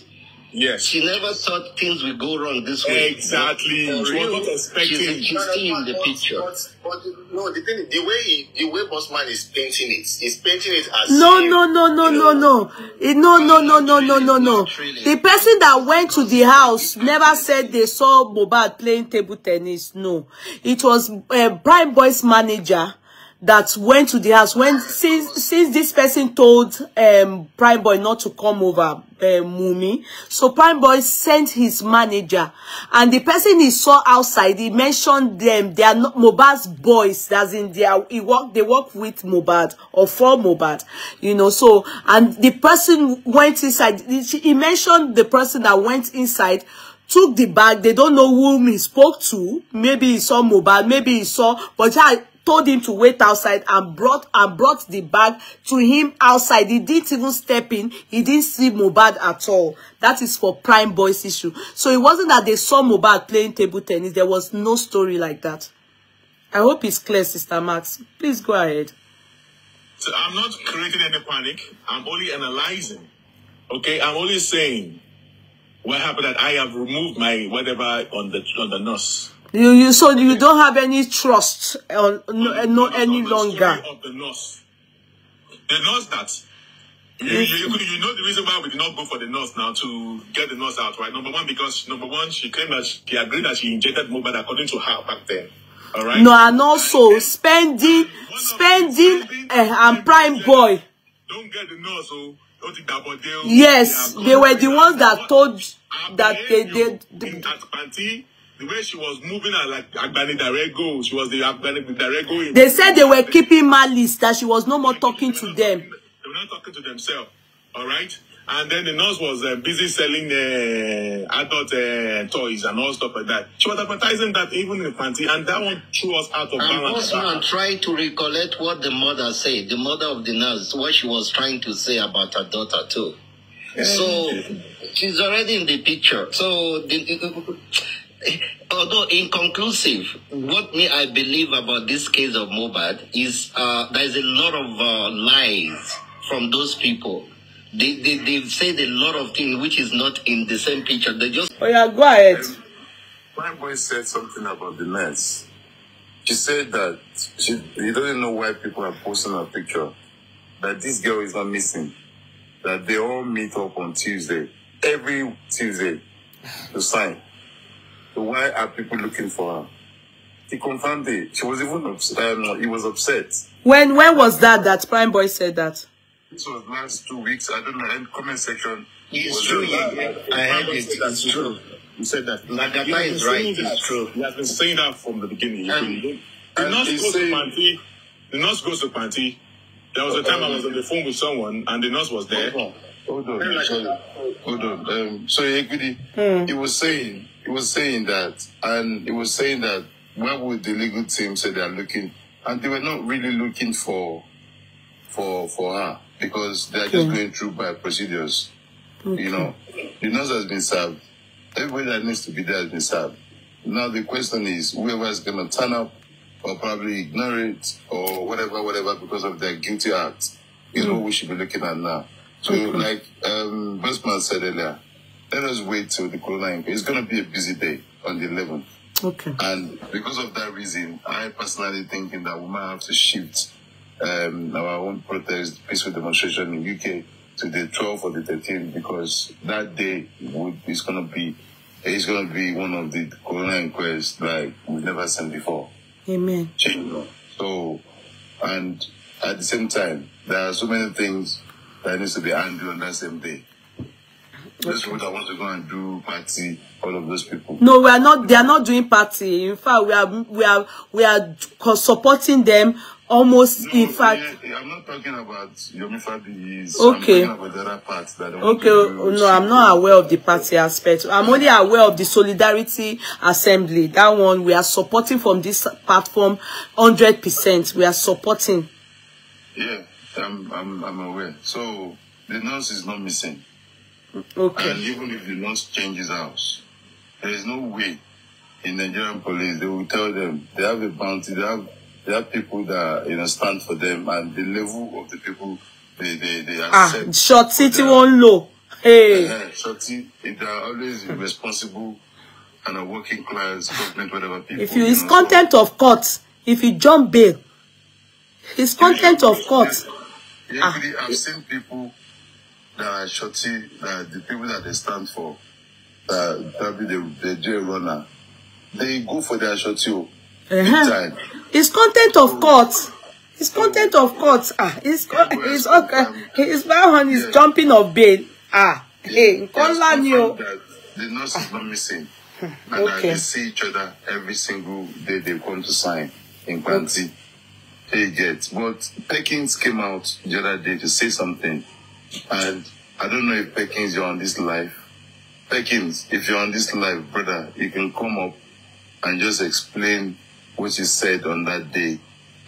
Yes. She never thought things would go wrong this way. Exactly. she was not expecting. She's, she's still in the picture. But, but, but no, the thing, the way he, the way Bossman is painting it, he's painting it as no, if, no, no, no, no, no, no, no, no, no, no, no, no. The person that went to the house never said they saw Mohbad playing table tennis. No, it was uh, Prime Boy's manager that went to the house when since since this person told um prime boy not to come over uh, um, mummy so prime boy sent his manager and the person he saw outside he mentioned them they are not Mohbad's boys that's in their he work they work with Mobad or for Mobad, you know so and the person went inside he mentioned the person that went inside took the bag they don't know whom he spoke to maybe he saw Mobad maybe he saw but yeah told him to wait outside and brought and brought the bag to him outside. He didn't even step in. He didn't see Mobad at all. That is for prime boys issue. So it wasn't that they saw Mobad playing table tennis. There was no story like that. I hope it's clear, Sister Max. Please go ahead. So I'm not creating any panic. I'm only analyzing. Okay, I'm only saying what happened that I have removed my whatever on the on the nurse. You, you so you don't have any trust on no, no any longer. The nurse. the nurse that you, you, you, know the reason why we did not go for the nurse now to get the nurse out, right? Number one, because number one, she claimed that she agreed that she injected Mohbad according to her back then. All right. No, and also spending, spending, spending eh, uh, and prime boy. Don't get the nurse, so oh, don't think oh. Yes, they were the ones that told that they did. The way she was moving her like Agbani Darego, she was the Agbani Darego. They said they were keeping malice, that she was no more talking to them. They were not talking to themselves, all right? And then the nurse was uh, busy selling uh, adult uh, toys and all stuff like that. She was advertising that even in Fanti, and that one threw us out of and balance. Also, I'm ah. trying to recollect what the mother said, the mother of the nurse, what she was trying to say about her daughter, too. Yeah. So she's already in the picture. So the, although inconclusive, what me I believe about this case of Mobad is uh, there's a lot of uh, lies from those people. They, they, they've said a lot of things which is not in the same picture. They just... Oh yeah, go ahead. Um, my boy said something about the nurse. She said that she, he doesn't know why people are posting a picture. That this girl is not missing. That they all meet up on Tuesday. Every Tuesday to sign. So why are people looking for her? He confirmed it. She was even upset. Um, he was upset. When when was that that Prime Boy said that? This was last two weeks. I don't know. In comment section. It's true. Yeah, yeah. I heard it. It's true. He said that. Lagata is right. It's true. He has been saying that from the beginning. And, the nurse goes to Panty. The nurse goes to Panty. There was a time I was on the phone with someone and the nurse was there. Hold on. Hold on. Hold on. Um, so, Equity, hmm. he was saying he was saying that, and he was saying that where would the legal team say they are looking, and they were not really looking for for for her because they are okay. just going through by procedures. Okay. You know, the nurse has been served. Everybody that needs to be there has been served. Now the question is, whoever is going to turn up or probably ignore it or whatever, whatever, because of their guilty act, is mm. what we should be looking at now. So, okay. like um, Bestman said earlier, let us wait till the Corona It's going to be a busy day on the 11th. Okay. And because of that reason, I personally thinking that we might have to shift um, our own protest, peaceful demonstration in UK to the 12th or the 13th because that day would, is going to be it's going to be one of the Corona inquests like we've never seen before. Amen. So, and at the same time, there are so many things that needs to be handled on that same day. Those people that want to go and do party, all of those people. No, we are not. They are not doing party. In fact, we are we are we are supporting them almost. No, in fact, yeah, I'm not talking about Yomi Fabiyi's. Okay. I'm talking about the other part that. Okay. Oh, no, I'm not aware of the party aspect. I'm only aware of the solidarity assembly. That one we are supporting from this platform, hundred percent. We are supporting. Yeah, I'm I'm I'm aware. So the nurse is not missing. Okay. And even if the don't changes house, there is no way in Nigerian police they will tell them they have a bounty, they have they have people that you know stand for them and the level of the people they they, they ah, accept. Ah, short city one low. Hey. Uh, eh, city. they are always hmm. responsible and a working class government whatever people. If you, is know, content of court, if he jump bail, it's content of court. Yeah, ah. I've seen people uh, Shorty, uh, the people that they stand for, uh, probably the, the J runner, they go for their Shorty. Uh -huh. It's content of court. It's content of court. Ah, it's it's okay. Um, His bound is yeah. jumping of bail. Ah, hey, Nkola ni o. The nurse is not missing. Hmm, And uh, okay. they see each other every single day they come to sign in Kwanti. Okay. They get. But Perkins came out the other day to say something. And I don't know if Perkins, you're on this live. Perkins, if you're on this live, brother, you can come up and just explain what you said on that day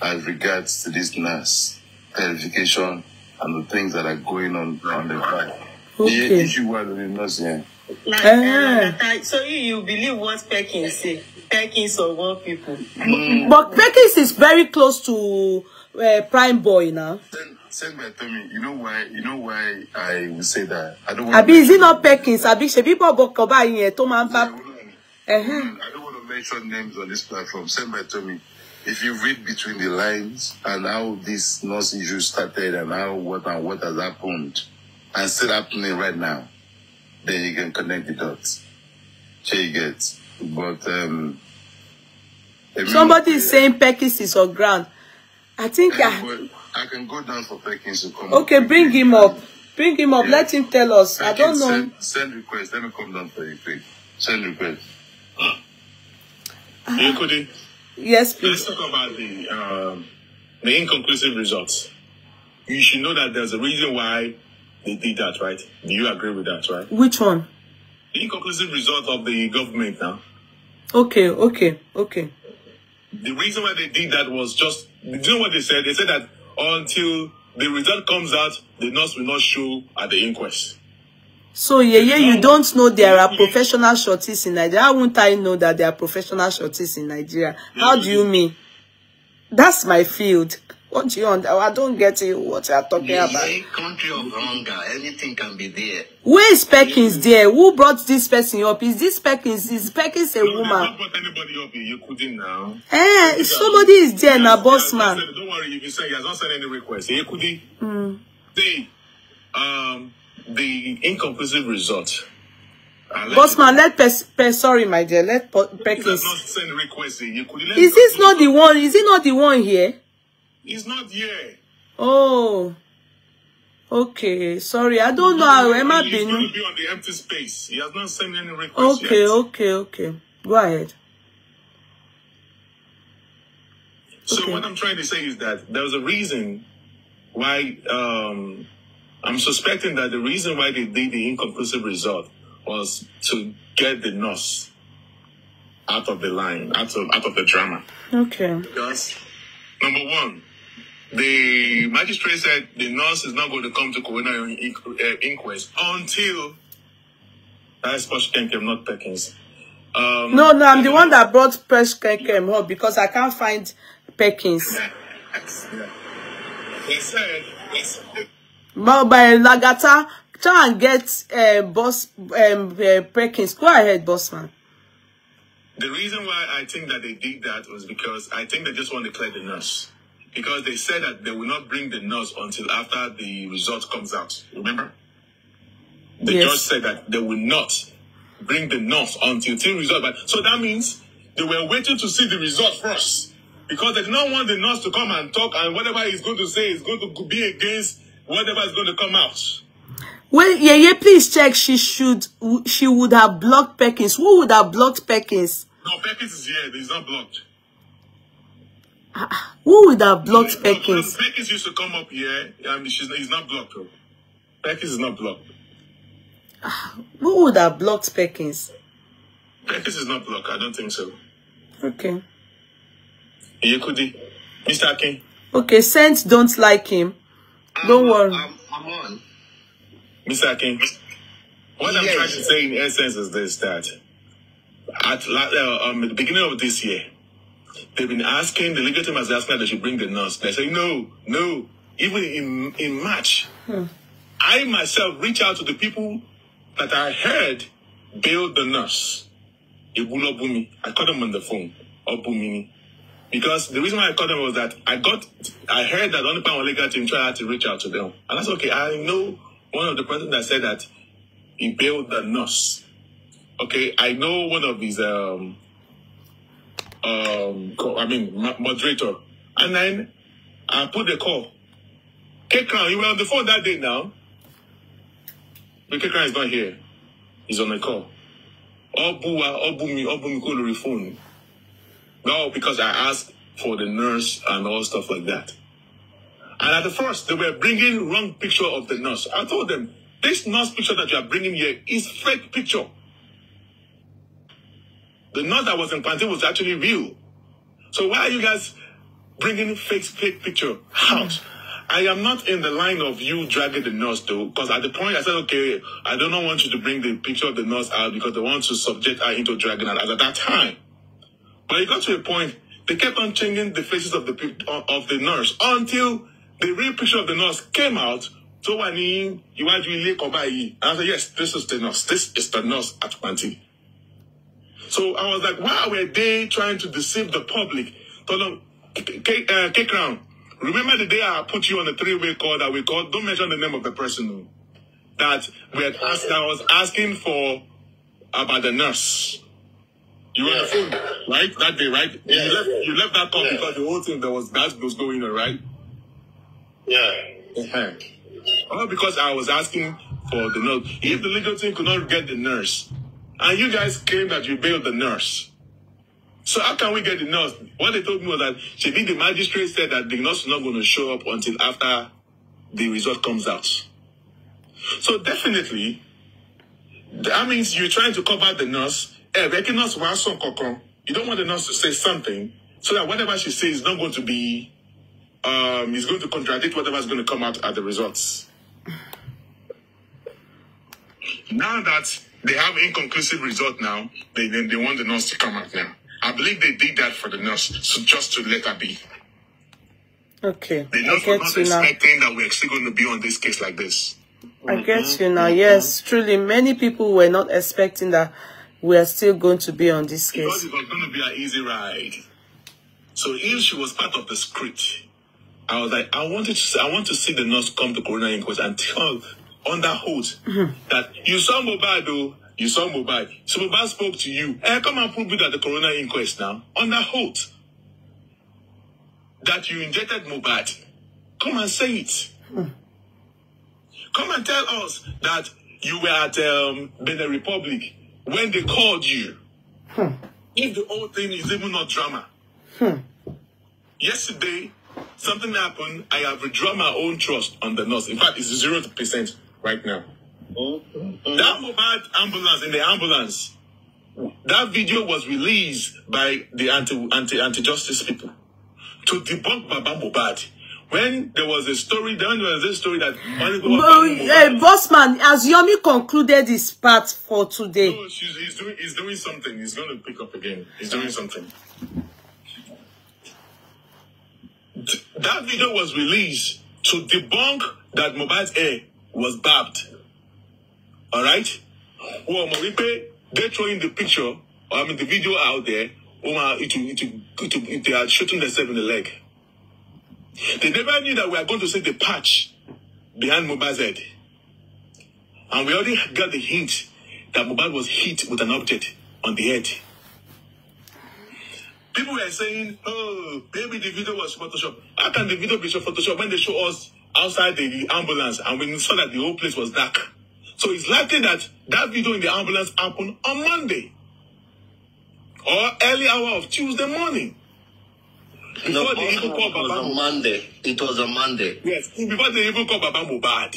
as regards to this nurse clarification and the things that are going on on the back. Okay. The issue was the NAS, yeah. Like, uh, uh, so you, you believe what Perkins say? Perkins of all people. Mm. But Perkins is very close to uh, Prime Boy now. Then, send my tummy. You know why? You know why I will say that? I don't want. Abi, is it not Perkins? Abi, ṣe bí bọ̀bọ̀ kan báyìí yẹn tó máa ń fa. Hmm, I don't want to mention names on this platform. Send by Tommy. If you read between the lines and how this nurse issue started and how what and what has happened and still happening right now, then you can connect the dots. Share you get. But um, somebody is saying Perkins is on ground. I think. I, ah, I can go down for Perkins to come Okay, up. bring him up. Bring him up. Yeah. Let him tell us. Perkins, I don't know. Send, send, request. Let me come down for you, please. Send request. Uh, you could, yes, please. Let's talk about the, um, the inconclusive results. You should know that there's a reason why they did that, right? Do you agree with that, right? Which one? The inconclusive result of the government now. Okay, okay, okay. The reason why they did that was just, you know what they said? They said that until the result comes out, the nurse will not show at the inquest. So, yeah, yeah, you don't know there are professional shorties in Nigeria. How won't I know that there are professional shorties in Nigeria? How do you mean? That's my field. Don't you understand? I don't get it, what you are talking the about. country of hunger, anything can be there. Where is Perkins there? Who brought this person up? Is this Perkins? Is Perkins a no, woman? They brought anybody up here. You Yekudi now. Eh, if somebody is there, now, boss man. Said, don't worry, if you say he has not sent any request. Yekudi, mm. see, um, the inconclusive result. Uh, boss man, let pers sorry, my dear, let Perkins. He has not sent request. Yekudi, let is this not the one? Is it not the one here? He's not here. Oh. Okay, sorry. I don't no, know how Emma been. He's going to be on the empty space. He has not sent any request Okay, yet. okay, okay. Go ahead. So okay. what I'm trying to say is that there's a reason why um, I'm suspecting that the reason why they did the inconclusive result was to get the nurse out of the line, out of out of the drama. Okay. Because number one, The magistrate said the nurse is not going to come to coroner inqu- uh, inquest until that's Posh Kenkem, not Perkins. Um, no, no, I'm the one that brought Posh Kenkem up because I can't find Perkins. Yeah. He said, he said but by Lagata, try and get uh, boss um, uh, Perkins. Go ahead, boss man." The reason why I think that they did that was because I think they just want to clear the nurse. because they said that they will not bring the nurse until after the result comes out. Remember? The yes. judge said that they will not bring the nurse until the result. But so that means they were waiting to see the result first because they do not want the nurse to come and talk and whatever he's going to say is going to be against whatever is going to come out. Well, yeah, yeah, please check. She should, she would have blocked Perkins. Who would have blocked Perkins? No, Perkins is here. He's not blocked. Who would have blocked Perkins? Perkins used to come up here, and she's, he's not blocked. Perkins is not blocked. Ah, who would have blocked Perkins? Perkins is not blocked. I don't think so. Okay. Yekudi. Mr. Akin. Okay, Saints don't like him. I'm, don't worry. I'm, I'm, on. Mr. Akin, what yes. I'm trying to say in essence is this, that at, at uh, um, the beginning of this year, They've been asking, the legal team has asked that they should bring the nurse. They say, no, no. Even in, in March, hmm. I myself reach out to the people that I heard build the nurse. Ibulobumi. I called them on the phone. Obumini. Because the reason why I called them was that I got, I heard that only power legal team tried to reach out to them. And that's okay. I know one of the person that said that he built the nurse. Okay. I know one of his, um, um, I mean, moderator. And then I put the call. K Crown, you were on the phone that day now. But K Crown is not here. He's on the call. Obuwa, Obumi, Obumi the phone. No, because I asked for the nurse and all stuff like that. And at the first, they were bringing wrong picture of the nurse. I told them, this nurse picture that you are bringing here is fake picture. The nose that was implanted was actually real. So why are you guys bringing fake, fake picture out? I am not in the line of you dragging the nurse though, because at the point I said, okay, I do not want you to bring the picture of the nurse out because they want to subject her into dragging her at that time. But it got to a point, they kept on changing the faces of the of the nurse until the real picture of the nurse came out. So when you want you lay And I said, yes, this is the nurse. This is the nurse at Quanti. So I was like, why were they trying to deceive the public? Told them, uh, K Crown, remember the day I put you on the three-way call that we called, don't mention the name of the person, that we had asked, I was asking for about the nurse. You were on the phone, right? That day, right? Yeah, you, left, you left that call yeah. because the whole thing that was that was going on, right? Yeah. Uh-huh. All because I was asking for the nurse. If the legal team could not get the nurse, and you guys claim that you bailed the nurse. So how can we get the nurse? What they told me was that did the magistrate said that the nurse is not going to show up until after the result comes out. So definitely, that means you're trying to cover the nurse. Hey, eh, you don't want the nurse to say something so that whatever she says is not going to be, um, is going to contradict whatever's going to come out at the results. Now that they have inconclusive result now. They, they, they want the nurse to come out now. I believe they did that for the nurse, so just to let her be. Okay. They are not expecting that we're still going to be on this case like this. I mm -hmm. get you now. Yes, mm-hmm. truly, many people were not expecting that we are still going to be on this case. Because it was going to be an easy ride. So if she was part of the script, I was like, I wanted to, see, I want to see the nurse come to coroner inquest and tell under oath mm-hmm. that you saw Mobad, though. You saw Mobad. So Mobad spoke to you. Hey, come and prove it at the coroner inquest now. Under oath that you injected Mobad. Come and say it. hmm Come and tell us that you were at um, Benin Republic when they called you. Hmm. If the whole thing is even not drama. Hmm. Yesterday, something happened. I have withdrawn my own trust on the nurse. In fact, it's zero percent right now. That mobile ambulance in the ambulance, that video was released by the anti anti anti justice people to debunk Baba Mobad. When there was a story, then there was a story that well, uh, Bossman, as Yomi concluded his part for today. No, she's, he's, doing, he's doing something. He's going to pick up again. He's doing something. That video was released to debunk that Mobad air eh, was barbed. All right? Well, Maripe, they're throwing the picture, or I mean the video out there, or it, it, it, it, they are shooting themselves in the leg. They never knew that we are going to see the patch behind Mubarak's head. And we already got the hint that Mubarak was hit with an object on the head. People were saying, oh, maybe the video was Photoshop. How can the video be Photoshop when they show us outside the, ambulance and we saw that the whole place was dark. So it's likely that that video in the ambulance happened on Monday or early hour of Tuesday morning. Before they even called Baba Monday. It was a Monday. Yes, before they even called Baba Mohbad.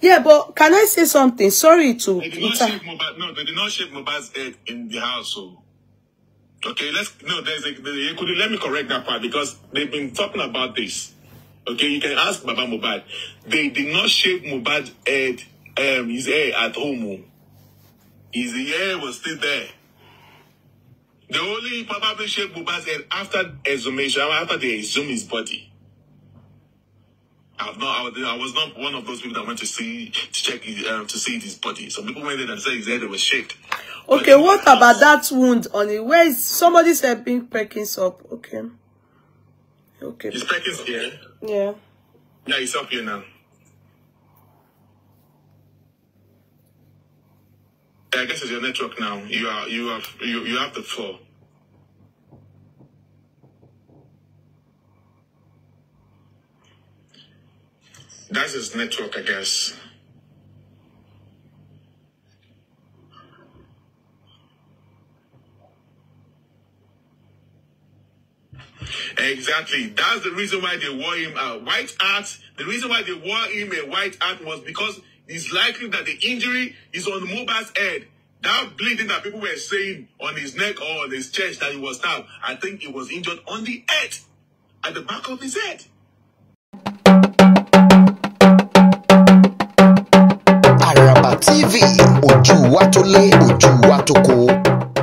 Yeah, but can I say something? Sorry to... They did not shave Mohbad, no, they did not shave Mohbad's head in the house, so... Okay, let's... No, there's a... There, let me correct that part, because they've been talking about this. Okay, you can ask Baba Mubad. They did not shave Mubad's head, um, his hair at home. Oh. His hair was still there. The only probably shaved Mubad's head after exhumation, after they exhumed his body. I've not, I was not one of those people that went to see to check his, um, to see his body. Some people went there and said his head was shaved. Okay, what about that wound on it? Where is somebody said Pink Perkins up? Okay. Okay. He's back is here. Yeah. Yeah, he's up here now. I guess it's your network now. You are you have you, you have the floor. That's his network, I guess. Exactly. That's the reason why they wore him a white hat. The reason why they wore him a white hat was because it's likely that the injury is on Mubarak's head. That bleeding that people were saying on his neck or on his chest that he was stabbed, I think he was injured on the head, at the back of his head. Araba TV, ojú wa tó lé, ojú wa tó kó.